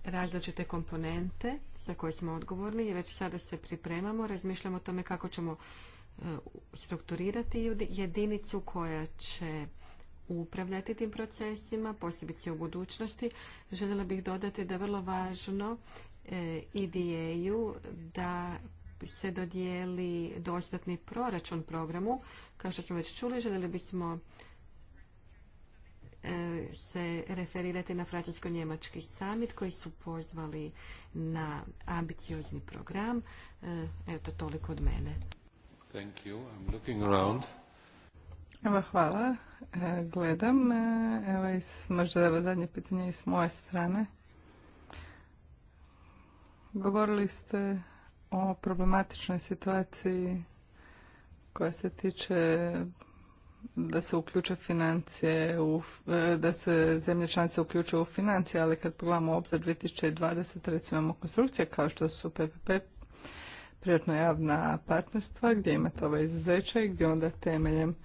različite komponente za koje smo odgovorni i već sada se pripremamo. Razmišljamo o tome kako ćemo e, strukturirati jedinicu koja će upravljati tim procesima, posebice u budućnosti. Željela bih dodati da je vrlo važno ideju e, da se dodijeli dostatni proračun programu. Kao što smo već čuli, željeli bismo e, se referirati na francusko-njemački summit koji su pozvali na ambiciozni program. E, eto, toliko od mene. hvala. E, gledam. Evo, možda možda evo zadnje pitanje iz s moje strane. Govorili ste o problematičnoj situaciji koja se tiče da se uključe financije, u, da se zemlje članice uključe u financije, ali kad pogledamo obzir 2020, recimo imamo konstrukcije kao što su PPP, privatno javna partnerstva, gdje imate ova izuzeća i gdje onda temeljem e,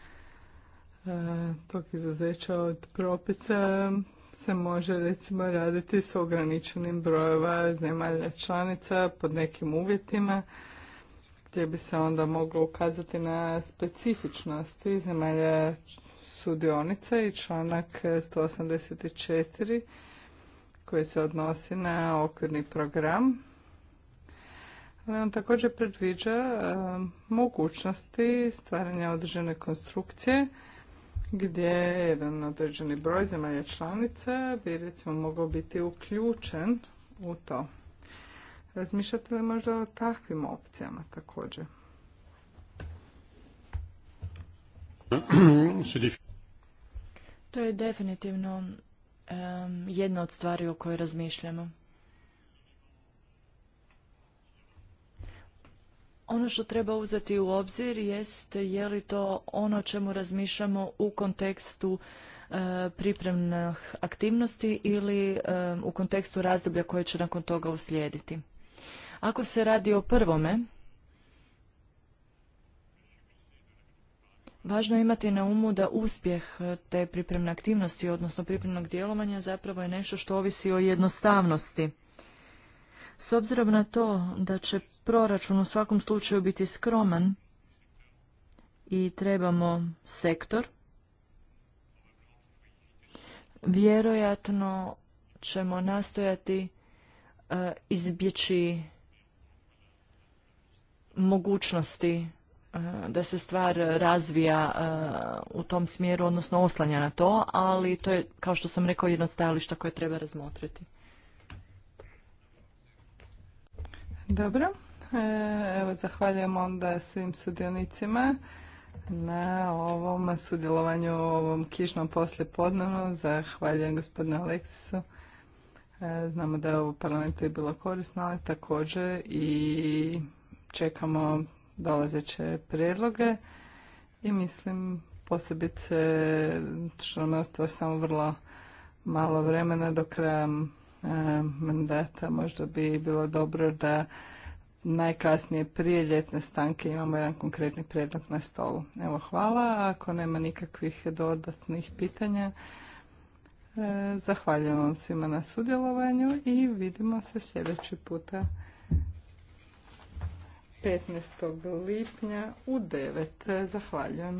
tog izuzeća od propisa se može recimo raditi s ograničenim brojeva zemalja članica pod nekim uvjetima gdje bi se onda moglo ukazati na specifičnosti zemalja sudionica i članak 184 koji se odnosi na okvirni program. Ali on također predviđa e, mogućnosti stvaranja određene konstrukcije gdje jedan određeni broj zemalja članica bi recimo mogao biti uključen u to. Razmišljate li možda o takvim opcijama također? To je definitivno jedna od stvari o kojoj razmišljamo. Ono što treba uzeti u obzir jest je li to ono čemu razmišljamo u kontekstu e, pripremnih aktivnosti ili e, u kontekstu razdoblja koje će nakon toga uslijediti. Ako se radi o prvome, Važno je imati na umu da uspjeh te pripremne aktivnosti, odnosno pripremnog djelovanja, zapravo je nešto što ovisi o jednostavnosti. S obzirom na to da će proračun u svakom slučaju biti skroman i trebamo sektor. Vjerojatno ćemo nastojati e, izbjeći mogućnosti e, da se stvar razvija e, u tom smjeru, odnosno oslanja na to, ali to je, kao što sam rekao, jedno stajališta koje treba razmotriti. Dobro. E, evo, zahvaljujem onda svim sudionicima na ovom sudjelovanju u ovom kišnom poslje podnevno. Zahvaljujem gospodinu Aleksisu. E, znamo da je ovo parlamentu je bilo korisno, ali također i čekamo dolazeće prijedloge i mislim posebice što nam je samo vrlo malo vremena do kraja e, mandata možda bi bilo dobro da najkasnije prije ljetne stanke imamo jedan konkretni predmet na stolu. Evo, hvala. Ako nema nikakvih dodatnih pitanja, e, zahvaljujem vam svima na sudjelovanju i vidimo se sljedeći puta 15. lipnja u 9. Zahvaljujem.